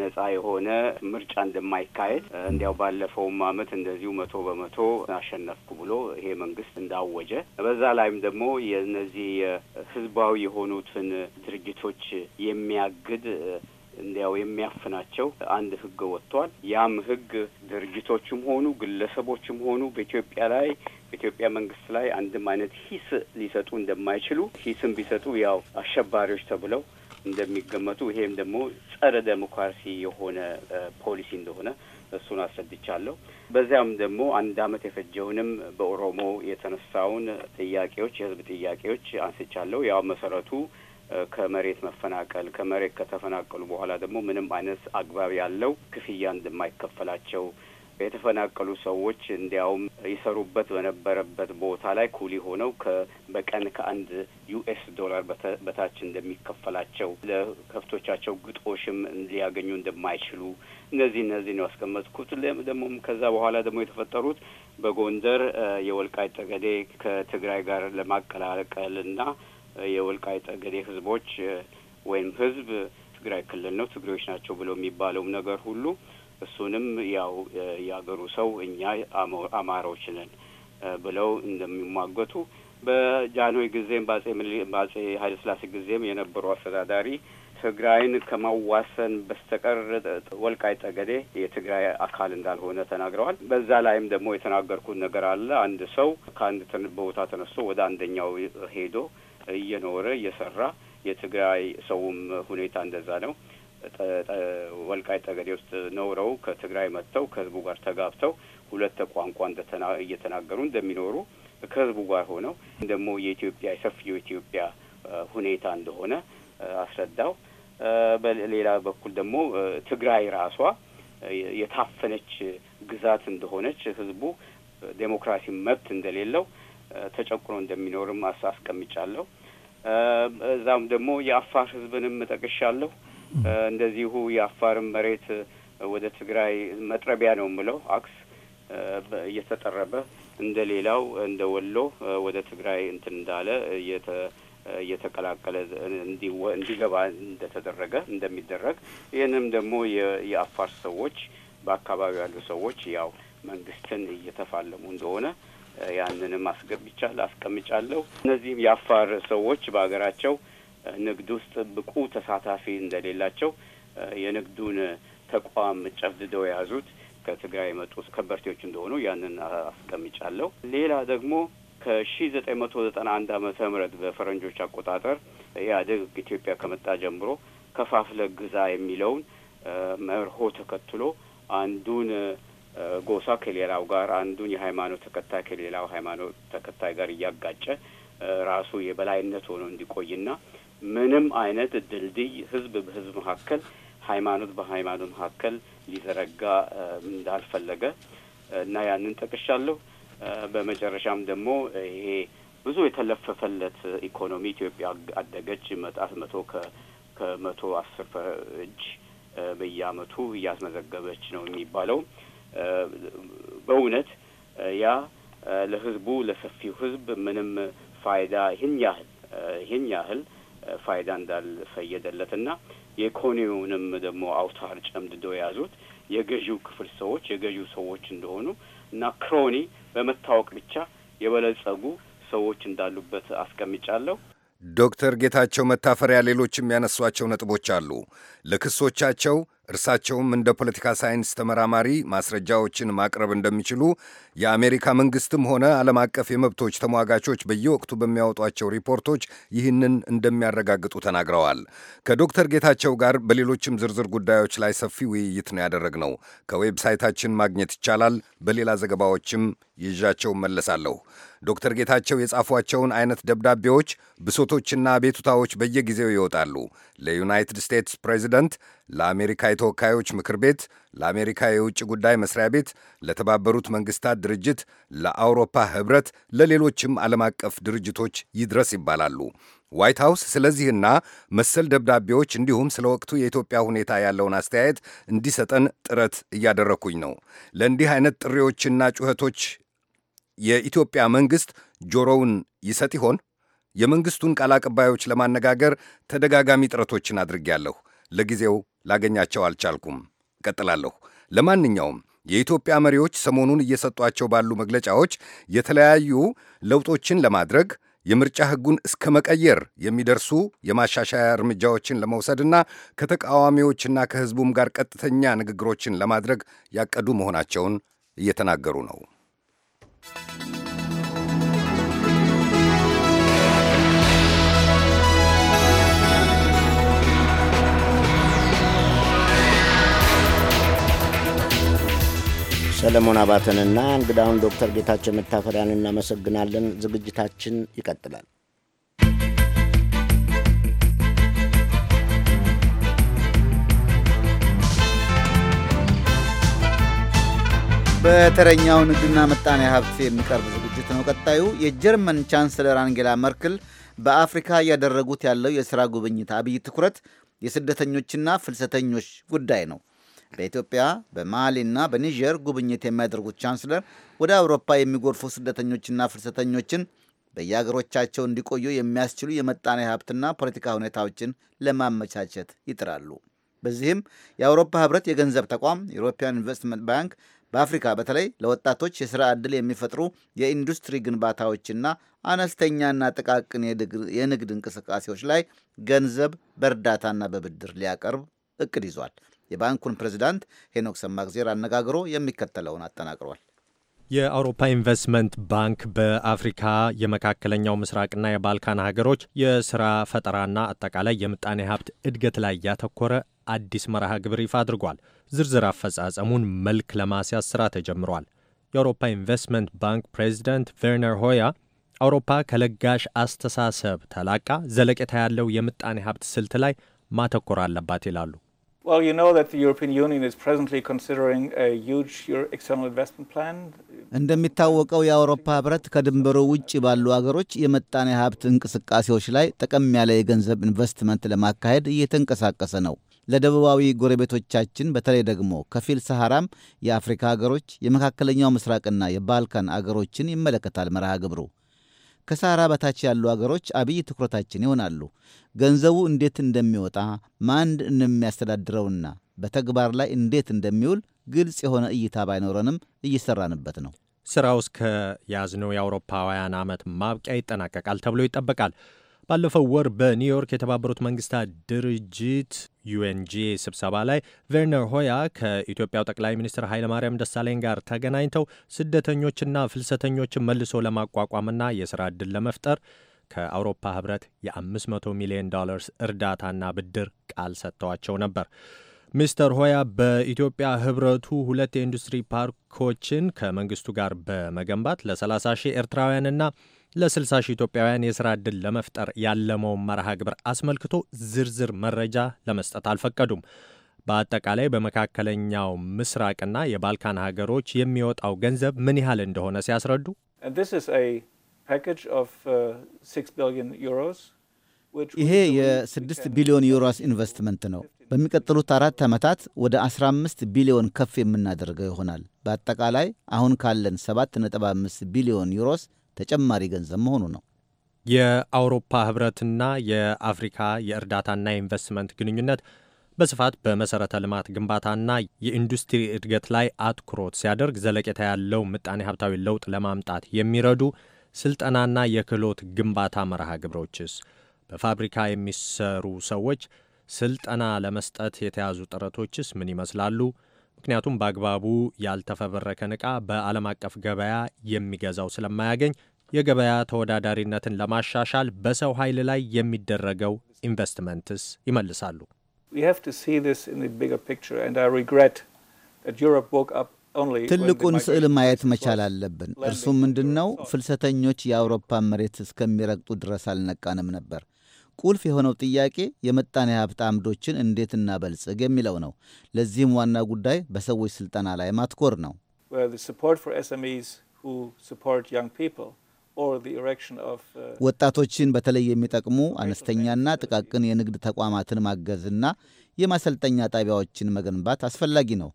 ነጻ የሆነ ምርጫ እንደማይካሄድ እንዲያው ባለፈውም አመት እንደዚሁ መቶ በመቶ አሸነፍኩ ብሎ ይሄ መንግስት እንዳወጀ በዛ ላይም ደግሞ የእነዚህ ህዝባዊ የሆኑትን ድርጅቶች የሚያግድ እንዲያው የሚያፍናቸው አንድ ህግ ወጥቷል። ያም ህግ ድርጅቶችም ሆኑ ግለሰቦችም ሆኑ በኢትዮጵያ ላይ በኢትዮጵያ መንግስት ላይ አንድም አይነት ሂስ ሊሰጡ እንደማይችሉ ሂስም ቢሰጡ ያው አሸባሪዎች ተብለው እንደሚገመቱ ይሄም ደግሞ ጸረ ዴሞክራሲ የሆነ ፖሊሲ እንደሆነ እሱን አስረድቻለሁ። በዚያም ደግሞ አንድ አመት የፈጀውንም በኦሮሞ የተነሳውን ጥያቄዎች የህዝብ ጥያቄዎች አንስቻለሁ። ያው መሰረቱ ከመሬት መፈናቀል ከመሬት ከተፈናቀሉ በኋላ ደግሞ ምንም አይነት አግባብ ያለው ክፍያ እንደማይከፈላቸው የተፈናቀሉ ሰዎች እንዲያውም ይሰሩበት በነበረበት ቦታ ላይ ኩሊ ሆነው በቀን ከአንድ ዩኤስ ዶላር በታች እንደሚከፈላቸው ለከብቶቻቸው ግጦሽም ሊያገኙ እንደማይችሉ እነዚህ እነዚህ ነው ያስቀመጥኩት። ደግሞ ከዛ በኋላ ደግሞ የተፈጠሩት በጎንደር የወልቃይ ጠገዴ ከትግራይ ጋር ለማቀላቀል እና ጠገዴ ህዝቦች ወይም ህዝብ ትግራይ ክልል ነው ትግሬዎች ናቸው ብሎ የሚባለውም ነገር ሁሉ እሱንም ያው ያገሩ ሰው እኛ አማሮች ነን ብለው እንደሚሟገቱ በጃንሆይ ጊዜም በአጼ ምኒልክ በአጼ ኃይለ ሥላሴ ጊዜም የነበሩ አስተዳዳሪ ትግራይን ከማዋሰን በስተቀር ወልቃይ ጠገዴ የትግራይ አካል እንዳልሆነ ተናግረዋል። በዛ ላይም ደግሞ የተናገርኩት ነገር አለ። አንድ ሰው ከአንድ ቦታ ተነስቶ ወደ አንደኛው ሄዶ እየኖረ እየሰራ የትግራይ ሰውም ሁኔታ እንደዛ ነው። ወልቃይ ጠገዴ ውስጥ ኖረው ከትግራይ መጥተው ከህዝቡ ጋር ተጋብተው ሁለት ቋንቋ እየተናገሩ እንደሚኖሩ ከህዝቡ ጋር ሆነው ደግሞ የኢትዮጵያ የሰፊው ኢትዮጵያ ሁኔታ እንደሆነ አስረዳው። በሌላ በኩል ደግሞ ትግራይ ራሷ የታፈነች ግዛት እንደሆነች ህዝቡ ዴሞክራሲ መብት እንደሌለው ተጨቁኖ እንደሚኖርም አስቀምጫለሁ። እዛም ደግሞ የአፋር ህዝብንም ጠቅሻለሁ። እንደዚሁ የአፋርም መሬት ወደ ትግራይ መጥረቢያ ነው የምለው አክስ እየተጠረበ እንደ ሌላው እንደ ወሎ ወደ ትግራይ እንትን እንዳለ እየተቀላቀለ እንዲገባ እንደተደረገ እንደሚደረግ ይህንም ደግሞ የአፋር ሰዎች በአካባቢው ያሉ ሰዎች ያው መንግስትን እየተፋለሙ እንደሆነ ያንንም አስገብቻል አስቀምጫለሁ። እነዚህም የአፋር ሰዎች በሀገራቸው ንግድ ውስጥ ብቁ ተሳታፊ እንደሌላቸው የንግዱን ተቋም ጨፍድደው የያዙት ከትግራይ የመጡ ከበርቴዎች እንደሆኑ ያንን አስቀምጫለሁ። ሌላ ደግሞ ከሺ ዘጠኝ መቶ ዘጠና አንድ አመተ ምህረት በፈረንጆች አቆጣጠር ኢህአዴግ ኢትዮጵያ ከመጣ ጀምሮ ከፋፍለ ግዛ የሚለውን መርሆ ተከትሎ አንዱን ጎሳ ከሌላው ጋር አንዱን የሃይማኖት ተከታይ ከሌላው ሃይማኖት ተከታይ ጋር እያጋጨ ራሱ የበላይነት ሆኖ እንዲቆይና ምንም አይነት ድልድይ ህዝብ በህዝብ መካከል፣ ሃይማኖት በሃይማኖት መካከል ሊዘረጋ እንዳልፈለገ እና ያንን ጠቅሻለሁ። በመጨረሻም ደግሞ ይሄ ብዙ የተለፈፈለት ኢኮኖሚ ኢትዮጵያ አደገች መጣት መቶ ከመቶ አስር እጅ በየአመቱ እያስመዘገበች ነው የሚባለው በእውነት ያ ለህዝቡ ለሰፊው ህዝብ ምንም ፋይዳ ይህን ያህል ይህን ያህል ፋይዳ እንዳልፈየደለትና የኢኮኖሚውንም ደግሞ አውታር ጨምድዶ የያዙት የገዢው ክፍል ሰዎች የገዢው ሰዎች እንደሆኑ እና ክሮኒ በመታወቅ ብቻ የበለጸጉ ሰዎች እንዳሉበት አስቀምጫለሁ። ዶክተር ጌታቸው መታፈሪያ ሌሎችም ያነሷቸው ነጥቦች አሉ። ለክሶቻቸው እርሳቸውም እንደ ፖለቲካ ሳይንስ ተመራማሪ ማስረጃዎችን ማቅረብ እንደሚችሉ የአሜሪካ መንግስትም ሆነ ዓለም አቀፍ የመብቶች ተሟጋቾች በየወቅቱ በሚያወጧቸው ሪፖርቶች ይህንን እንደሚያረጋግጡ ተናግረዋል። ከዶክተር ጌታቸው ጋር በሌሎችም ዝርዝር ጉዳዮች ላይ ሰፊ ውይይት ነው ያደረግነው። ከዌብሳይታችን ማግኘት ይቻላል። በሌላ ዘገባዎችም ይዣቸው መለሳለሁ። ዶክተር ጌታቸው የጻፏቸውን አይነት ደብዳቤዎች፣ ብሶቶችና አቤቱታዎች በየጊዜው ይወጣሉ። ለዩናይትድ ስቴትስ ፕሬዚደንት ለአሜሪካ የተወካዮች ምክር ቤት፣ ለአሜሪካ የውጭ ጉዳይ መስሪያ ቤት፣ ለተባበሩት መንግስታት ድርጅት፣ ለአውሮፓ ህብረት፣ ለሌሎችም ዓለም አቀፍ ድርጅቶች ይድረስ ይባላሉ። ዋይት ሃውስ ስለዚህና መሰል ደብዳቤዎች እንዲሁም ስለ ወቅቱ የኢትዮጵያ ሁኔታ ያለውን አስተያየት እንዲሰጠን ጥረት እያደረግኩኝ ነው። ለእንዲህ አይነት ጥሪዎችና ጩኸቶች የኢትዮጵያ መንግስት ጆሮውን ይሰጥ ይሆን? የመንግስቱን ቃል አቀባዮች ለማነጋገር ተደጋጋሚ ጥረቶችን አድርጌያለሁ። ለጊዜው ላገኛቸው አልቻልኩም። ቀጥላለሁ ለማንኛውም የኢትዮጵያ መሪዎች ሰሞኑን እየሰጧቸው ባሉ መግለጫዎች የተለያዩ ለውጦችን ለማድረግ የምርጫ ሕጉን እስከ መቀየር የሚደርሱ የማሻሻያ እርምጃዎችን ለመውሰድና ከተቃዋሚዎችና ከሕዝቡም ጋር ቀጥተኛ ንግግሮችን ለማድረግ ያቀዱ መሆናቸውን እየተናገሩ ነው። ሰለሞን አባተንና እንግዳውን ዶክተር ጌታቸው መታፈሪያን እናመሰግናለን። ዝግጅታችን ይቀጥላል። በተረኛው ንግድና ምጣኔ ሀብት የሚቀርብ ዝግጅት ነው። ቀጣዩ የጀርመን ቻንስለር አንጌላ መርክል በአፍሪካ እያደረጉት ያለው የሥራ ጉብኝት አብይ ትኩረት የስደተኞችና ፍልሰተኞች ጉዳይ ነው። በኢትዮጵያ በማሊና በኒጀር ጉብኝት የሚያደርጉት ቻንስለር ወደ አውሮፓ የሚጎርፉ ስደተኞችና ፍልሰተኞችን በየሀገሮቻቸው እንዲቆዩ የሚያስችሉ የመጣኔ ሀብትና ፖለቲካ ሁኔታዎችን ለማመቻቸት ይጥራሉ። በዚህም የአውሮፓ ህብረት የገንዘብ ተቋም ዩሮፒያን ኢንቨስትመንት ባንክ በአፍሪካ በተለይ ለወጣቶች የሥራ ዕድል የሚፈጥሩ የኢንዱስትሪ ግንባታዎችና አነስተኛና ጥቃቅን የንግድ እንቅስቃሴዎች ላይ ገንዘብ በእርዳታና በብድር ሊያቀርብ እቅድ ይዟል። የባንኩን ፕሬዚዳንት ሄኖክ ሰማግዜር አነጋግሮ የሚከተለውን አጠናቅሯል። የአውሮፓ ኢንቨስትመንት ባንክ በአፍሪካ የመካከለኛው ምስራቅና የባልካን ሀገሮች የስራ ፈጠራና አጠቃላይ የምጣኔ ሀብት እድገት ላይ ያተኮረ አዲስ መርሃ ግብር ይፋ አድርጓል። ዝርዝር አፈጻጸሙን መልክ ለማስያዝ ስራ ተጀምሯል። የአውሮፓ ኢንቨስትመንት ባንክ ፕሬዚደንት ቬርነር ሆያ አውሮፓ ከለጋሽ አስተሳሰብ ተላቃ ዘለቄታ ያለው የምጣኔ ሀብት ስልት ላይ ማተኮር አለባት ይላሉ። Well, you know that the European Union is presently considering a huge external investment plan. እንደሚታወቀው የአውሮፓ ህብረት ከድንበሩ ውጭ ባሉ አገሮች የመጣኔ ሀብት እንቅስቃሴዎች ላይ ጠቀም ያለ የገንዘብ ኢንቨስትመንት ለማካሄድ እየተንቀሳቀሰ ነው። ለደቡባዊ ጎረቤቶቻችን በተለይ ደግሞ ከፊል ሰሐራም የአፍሪካ አገሮች፣ የመካከለኛው ምስራቅና የባልካን አገሮችን ይመለከታል መርሃ ግብሩ። ከሳራ በታች ያሉ አገሮች አብይ ትኩረታችን ይሆናሉ። ገንዘቡ እንዴት እንደሚወጣ ማን እንደሚያስተዳድረውና በተግባር ላይ እንዴት እንደሚውል ግልጽ የሆነ እይታ ባይኖረንም እየሰራንበት ነው። ስራው እስከ ያዝነው የአውሮፓውያን ዓመት ማብቂያ ይጠናቀቃል ተብሎ ይጠበቃል። ባለፈው ወር በኒውዮርክ የተባበሩት መንግስታት ድርጅት ዩኤንጂ ስብሰባ ላይ ቬርነር ሆያ ከኢትዮጵያው ጠቅላይ ሚኒስትር ኃይለማርያም ደሳለኝ ጋር ተገናኝተው ስደተኞችና ፍልሰተኞችን መልሶ ለማቋቋምና የሥራ ዕድል ለመፍጠር ከአውሮፓ ህብረት የ500 ሚሊዮን ዶላርስ እርዳታና ብድር ቃል ሰጥተዋቸው ነበር። ሚስተር ሆያ በኢትዮጵያ ህብረቱ ሁለት የኢንዱስትሪ ፓርኮችን ከመንግስቱ ጋር በመገንባት ለ30 ሺህ ኤርትራውያንና ለ60 ሺህ ኢትዮጵያውያን የሥራ ዕድል ለመፍጠር ያለመውን መርሃ ግብር አስመልክቶ ዝርዝር መረጃ ለመስጠት አልፈቀዱም። በአጠቃላይ በመካከለኛው ምስራቅና የባልካን ሀገሮች የሚወጣው ገንዘብ ምን ያህል እንደሆነ ሲያስረዱ uh, ይሄ የ6 ቢሊዮን ዩሮስ ኢንቨስትመንት ነው። በሚቀጥሉት አራት ዓመታት ወደ 15 ቢሊዮን ከፍ የምናደርገው ይሆናል። በአጠቃላይ አሁን ካለን 7.5 ቢሊዮን ዩሮስ ተጨማሪ ገንዘብ መሆኑ ነው። የአውሮፓ ህብረትና የአፍሪካ የእርዳታና የኢንቨስትመንት ግንኙነት በስፋት በመሰረተ ልማት ግንባታና የኢንዱስትሪ እድገት ላይ አትኩሮት ሲያደርግ ዘለቄታ ያለው ምጣኔ ሀብታዊ ለውጥ ለማምጣት የሚረዱ ስልጠናና የክህሎት ግንባታ መርሃ ግብሮችስ በፋብሪካ የሚሰሩ ሰዎች ስልጠና ለመስጠት የተያዙ ጥረቶችስ ምን ይመስላሉ? ምክንያቱም በአግባቡ ያልተፈበረከን ዕቃ በዓለም አቀፍ ገበያ የሚገዛው ስለማያገኝ የገበያ ተወዳዳሪነትን ለማሻሻል በሰው ኃይል ላይ የሚደረገው ኢንቨስትመንትስ ይመልሳሉ። ትልቁን ስዕል ማየት መቻል አለብን። እርሱም ምንድን ነው? ፍልሰተኞች የአውሮፓን መሬት እስከሚረግጡ ድረስ አልነቃንም ነበር። ቁልፍ የሆነው ጥያቄ የምጣኔ ሀብት አምዶችን እንዴት እናበልጽግ የሚለው ነው። ለዚህም ዋና ጉዳይ በሰዎች ስልጠና ላይ ማትኮር ነው። uh, ወጣቶችን በተለይ የሚጠቅሙ አነስተኛና ጥቃቅን የንግድ ተቋማትን ማገዝና የማሰልጠኛ ጣቢያዎችን መገንባት አስፈላጊ ነው።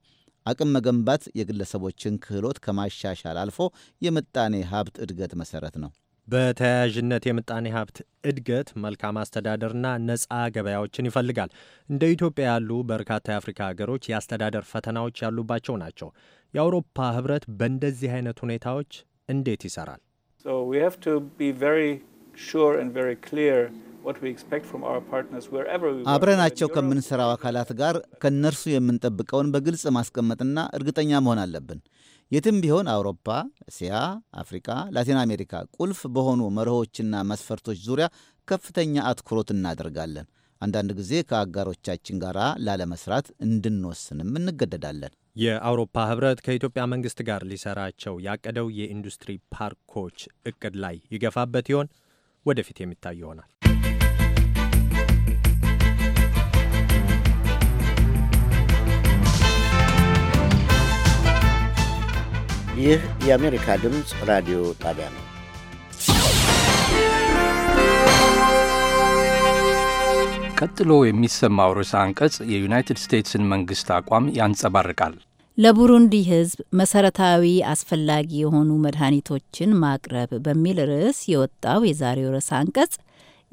አቅም መገንባት የግለሰቦችን ክህሎት ከማሻሻል አልፎ የምጣኔ ሀብት እድገት መሰረት ነው። በተያያዥነት የምጣኔ ሀብት እድገት መልካም አስተዳደርና ነፃ ገበያዎችን ይፈልጋል። እንደ ኢትዮጵያ ያሉ በርካታ የአፍሪካ ሀገሮች የአስተዳደር ፈተናዎች ያሉባቸው ናቸው። የአውሮፓ ህብረት በእንደዚህ አይነት ሁኔታዎች እንዴት ይሰራል? አብረናቸው ከምንሰራው አካላት ጋር ከእነርሱ የምንጠብቀውን በግልጽ ማስቀመጥና እርግጠኛ መሆን አለብን። የትም ቢሆን አውሮፓ፣ እስያ፣ አፍሪካ፣ ላቲን አሜሪካ ቁልፍ በሆኑ መርሆችና መስፈርቶች ዙሪያ ከፍተኛ አትኩሮት እናደርጋለን። አንዳንድ ጊዜ ከአጋሮቻችን ጋር ላለመስራት እንድንወስንም እንገደዳለን። የአውሮፓ ህብረት ከኢትዮጵያ መንግስት ጋር ሊሰራቸው ያቀደው የኢንዱስትሪ ፓርኮች እቅድ ላይ ይገፋበት ይሆን? ወደፊት የሚታይ ይሆናል። ይህ የአሜሪካ ድምፅ ራዲዮ ጣቢያ ነው። ቀጥሎ የሚሰማው ርዕሰ አንቀጽ የዩናይትድ ስቴትስን መንግሥት አቋም ያንጸባርቃል። ለቡሩንዲ ሕዝብ መሰረታዊ አስፈላጊ የሆኑ መድኃኒቶችን ማቅረብ በሚል ርዕስ የወጣው የዛሬው ርዕሰ አንቀጽ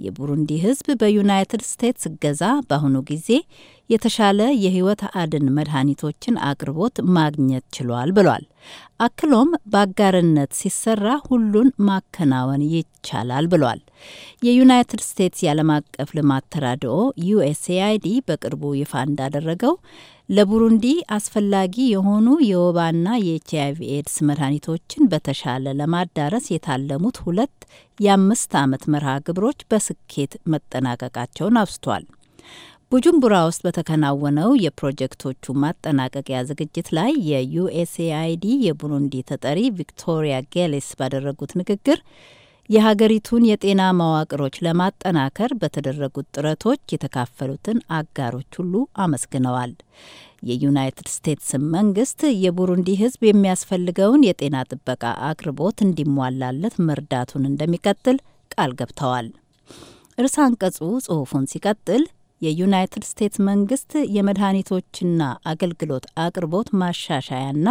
የቡሩንዲ ሕዝብ በዩናይትድ ስቴትስ እገዛ በአሁኑ ጊዜ የተሻለ የህይወት አድን መድኃኒቶችን አቅርቦት ማግኘት ችሏል ብሏል። አክሎም በአጋርነት ሲሰራ ሁሉን ማከናወን ይቻላል ብሏል። የዩናይትድ ስቴትስ የዓለም አቀፍ ልማት ተራድኦ ዩኤስኤአይዲ በቅርቡ ይፋ እንዳደረገው ለቡሩንዲ አስፈላጊ የሆኑ የወባና የኤችአይቪ ኤድስ መድኃኒቶችን በተሻለ ለማዳረስ የታለሙት ሁለት የአምስት ዓመት መርሃ ግብሮች በስኬት መጠናቀቃቸውን አብስቷል። ቡጁምቡራ ውስጥ በተከናወነው የፕሮጀክቶቹ ማጠናቀቂያ ዝግጅት ላይ የዩኤስኤአይዲ የቡሩንዲ ተጠሪ ቪክቶሪያ ጌሌስ ባደረጉት ንግግር የሀገሪቱን የጤና መዋቅሮች ለማጠናከር በተደረጉት ጥረቶች የተካፈሉትን አጋሮች ሁሉ አመስግነዋል። የዩናይትድ ስቴትስ መንግስት የቡሩንዲ ሕዝብ የሚያስፈልገውን የጤና ጥበቃ አቅርቦት እንዲሟላለት መርዳቱን እንደሚቀጥል ቃል ገብተዋል። እርስ አንቀጹ ጽሑፉን ሲቀጥል የዩናይትድ ስቴትስ መንግስት የመድኃኒቶችና አገልግሎት አቅርቦት ማሻሻያና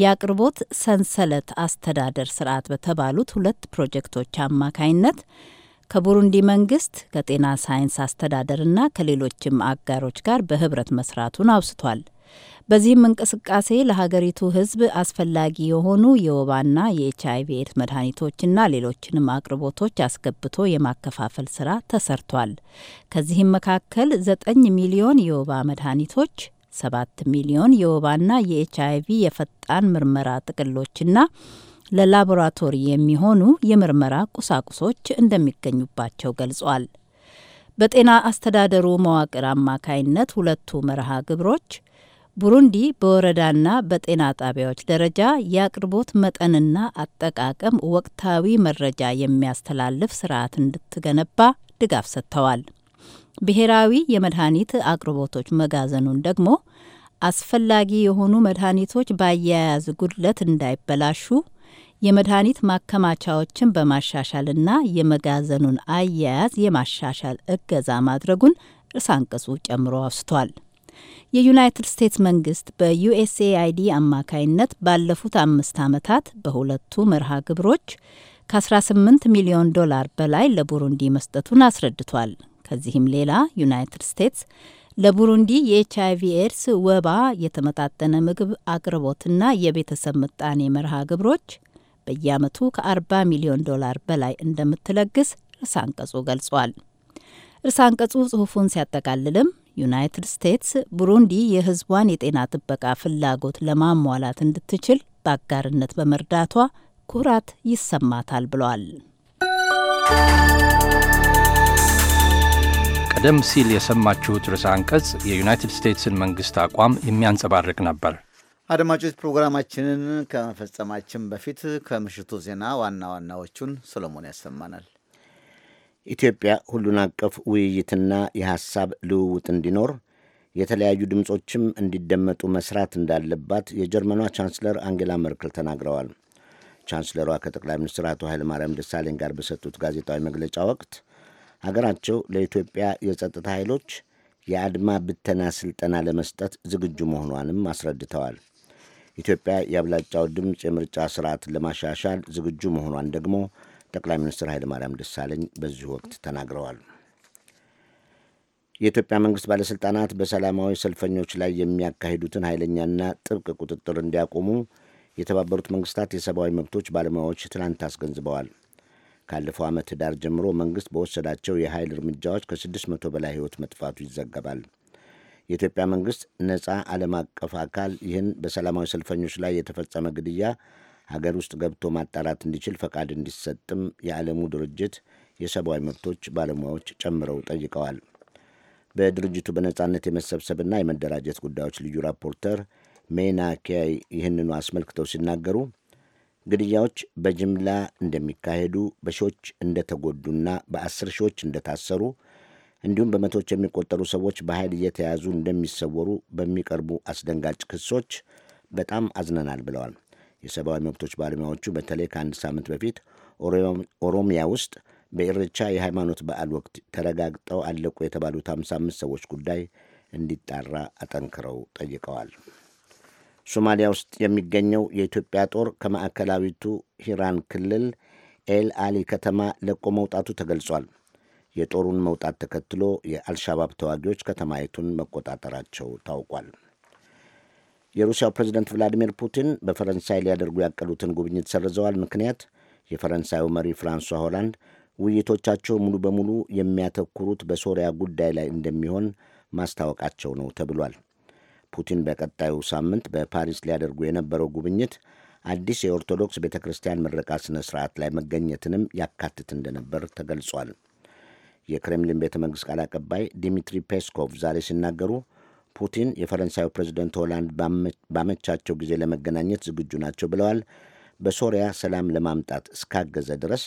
የአቅርቦት ሰንሰለት አስተዳደር ስርዓት በተባሉት ሁለት ፕሮጀክቶች አማካይነት ከቡሩንዲ መንግስት ከጤና ሳይንስ አስተዳደርና ከሌሎችም አጋሮች ጋር በህብረት መስራቱን አውስቷል። በዚህም እንቅስቃሴ ለሀገሪቱ ሕዝብ አስፈላጊ የሆኑ የወባና የኤች ቪ ኤድስ መድኃኒቶችና ሌሎችንም አቅርቦቶች አስገብቶ የማከፋፈል ስራ ተሰርቷል። ከዚህም መካከል ዘጠኝ ሚሊዮን የወባ መድኃኒቶች ሰባት ሚሊዮን የወባና የኤች ቪ የፈጣን ምርመራ ጥቅሎችና ለላቦራቶሪ የሚሆኑ የምርመራ ቁሳቁሶች እንደሚገኙባቸው ገልጿል። በጤና አስተዳደሩ መዋቅር አማካይነት ሁለቱ መርሃ ግብሮች ቡሩንዲ በወረዳና በጤና ጣቢያዎች ደረጃ የአቅርቦት መጠንና አጠቃቀም ወቅታዊ መረጃ የሚያስተላልፍ ስርዓት እንድትገነባ ድጋፍ ሰጥተዋል። ብሔራዊ የመድኃኒት አቅርቦቶች መጋዘኑን ደግሞ አስፈላጊ የሆኑ መድኃኒቶች በአያያዝ ጉድለት እንዳይበላሹ የመድኃኒት ማከማቻዎችን በማሻሻልና የመጋዘኑን አያያዝ የማሻሻል እገዛ ማድረጉን አንቀጹ ጨምሮ አውስቷል። የዩናይትድ ስቴትስ መንግስት በዩኤስኤአይዲ አማካይነት ባለፉት አምስት ዓመታት በሁለቱ መርሃ ግብሮች ከ18 ሚሊዮን ዶላር በላይ ለቡሩንዲ መስጠቱን አስረድቷል። ከዚህም ሌላ ዩናይትድ ስቴትስ ለቡሩንዲ የኤች አይቪ ኤድስ፣ ወባ፣ የተመጣጠነ ምግብ አቅርቦትና የቤተሰብ ምጣኔ መርሃ ግብሮች በየአመቱ ከ40 ሚሊዮን ዶላር በላይ እንደምትለግስ እርሳንቀጹ ገልጿል። እርሳንቀጹ ጽሑፉን ሲያጠቃልልም ዩናይትድ ስቴትስ ቡሩንዲ የሕዝቧን የጤና ጥበቃ ፍላጎት ለማሟላት እንድትችል በአጋርነት በመርዳቷ ኩራት ይሰማታል ብሏል። ቀደም ሲል የሰማችሁት ርዕሰ አንቀጽ የዩናይትድ ስቴትስን መንግስት አቋም የሚያንጸባርቅ ነበር። አድማጮች፣ ፕሮግራማችንን ከመፈጸማችን በፊት ከምሽቱ ዜና ዋና ዋናዎቹን ሰሎሞን ያሰማናል። ኢትዮጵያ ሁሉን አቀፍ ውይይትና የሐሳብ ልውውጥ እንዲኖር የተለያዩ ድምፆችም እንዲደመጡ መስራት እንዳለባት የጀርመኗ ቻንስለር አንጌላ መርክል ተናግረዋል። ቻንስለሯ ከጠቅላይ ሚኒስትር አቶ ኃይለማርያም ደሳለኝ ጋር በሰጡት ጋዜጣዊ መግለጫ ወቅት ሀገራቸው ለኢትዮጵያ የጸጥታ ኃይሎች የአድማ ብተና ስልጠና ለመስጠት ዝግጁ መሆኗንም አስረድተዋል። ኢትዮጵያ የአብላጫው ድምፅ የምርጫ ስርዓት ለማሻሻል ዝግጁ መሆኗን ደግሞ ጠቅላይ ሚኒስትር ኃይለማርያም ደሳለኝ በዚሁ ወቅት ተናግረዋል። የኢትዮጵያ መንግስት ባለሥልጣናት በሰላማዊ ሰልፈኞች ላይ የሚያካሂዱትን ኃይለኛና ጥብቅ ቁጥጥር እንዲያቆሙ የተባበሩት መንግሥታት የሰብአዊ መብቶች ባለሙያዎች ትናንት አስገንዝበዋል። ካለፈው ዓመት ዳር ጀምሮ መንግሥት በወሰዳቸው የኃይል እርምጃዎች ከ600 በላይ ሕይወት መጥፋቱ ይዘገባል። የኢትዮጵያ መንግሥት ነፃ ዓለም አቀፍ አካል ይህን በሰላማዊ ሰልፈኞች ላይ የተፈጸመ ግድያ ሀገር ውስጥ ገብቶ ማጣራት እንዲችል ፈቃድ እንዲሰጥም የዓለሙ ድርጅት የሰብአዊ መብቶች ባለሙያዎች ጨምረው ጠይቀዋል። በድርጅቱ በነጻነት የመሰብሰብና የመደራጀት ጉዳዮች ልዩ ራፖርተር ሜና ኪያይ ይህንኑ አስመልክተው ሲናገሩ ግድያዎች በጅምላ እንደሚካሄዱ፣ በሺዎች እንደተጎዱና በአስር ሺዎች እንደታሰሩ እንዲሁም በመቶዎች የሚቆጠሩ ሰዎች በኃይል እየተያዙ እንደሚሰወሩ በሚቀርቡ አስደንጋጭ ክሶች በጣም አዝነናል ብለዋል። የሰብአዊ መብቶች ባለሙያዎቹ በተለይ ከአንድ ሳምንት በፊት ኦሮሚያ ውስጥ በኢሬቻ የሃይማኖት በዓል ወቅት ተረጋግጠው አለቁ የተባሉት 55 ሰዎች ጉዳይ እንዲጣራ አጠንክረው ጠይቀዋል። ሶማሊያ ውስጥ የሚገኘው የኢትዮጵያ ጦር ከማዕከላዊቱ ሂራን ክልል ኤል አሊ ከተማ ለቆ መውጣቱ ተገልጿል። የጦሩን መውጣት ተከትሎ የአልሻባብ ተዋጊዎች ከተማይቱን መቆጣጠራቸው ታውቋል። የሩሲያው ፕሬዚደንት ቭላዲሚር ፑቲን በፈረንሳይ ሊያደርጉ ያቀዱትን ጉብኝት ሰርዘዋል። ምክንያት የፈረንሳዩ መሪ ፍራንሷ ሆላንድ ውይይቶቻቸው ሙሉ በሙሉ የሚያተኩሩት በሶሪያ ጉዳይ ላይ እንደሚሆን ማስታወቃቸው ነው ተብሏል። ፑቲን በቀጣዩ ሳምንት በፓሪስ ሊያደርጉ የነበረው ጉብኝት አዲስ የኦርቶዶክስ ቤተ ክርስቲያን ምረቃ ሥነ ሥርዓት ላይ መገኘትንም ያካትት እንደነበር ተገልጿል። የክሬምሊን ቤተ መንግሥት ቃል አቀባይ ዲሚትሪ ፔስኮቭ ዛሬ ሲናገሩ ፑቲን የፈረንሳዩ ፕሬዚደንት ሆላንድ ባመቻቸው ጊዜ ለመገናኘት ዝግጁ ናቸው ብለዋል። በሶሪያ ሰላም ለማምጣት እስካገዘ ድረስ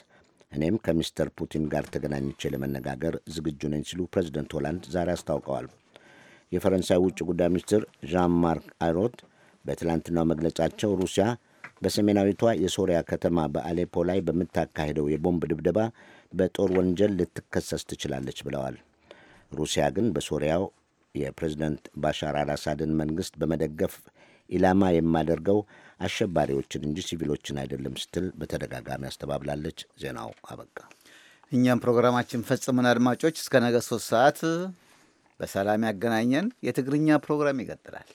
እኔም ከሚስተር ፑቲን ጋር ተገናኝቼ ለመነጋገር ዝግጁ ነኝ ሲሉ ፕሬዚደንት ሆላንድ ዛሬ አስታውቀዋል። የፈረንሳይ ውጭ ጉዳይ ሚኒስትር ዣን ማርክ አይሮት በትላንትናው መግለጫቸው ሩሲያ በሰሜናዊቷ የሶሪያ ከተማ በአሌፖ ላይ በምታካሄደው የቦምብ ድብደባ በጦር ወንጀል ልትከሰስ ትችላለች ብለዋል። ሩሲያ ግን በሶሪያው የፕሬዝደንት ባሻር አልአሳድን መንግሥት በመደገፍ ኢላማ የማደርገው አሸባሪዎችን እንጂ ሲቪሎችን አይደለም ስትል በተደጋጋሚ አስተባብላለች። ዜናው አበቃ። እኛም ፕሮግራማችን ፈጽመን አድማጮች፣ እስከ ነገ ሶስት ሰዓት በሰላም ያገናኘን። የትግርኛ ፕሮግራም ይቀጥላል።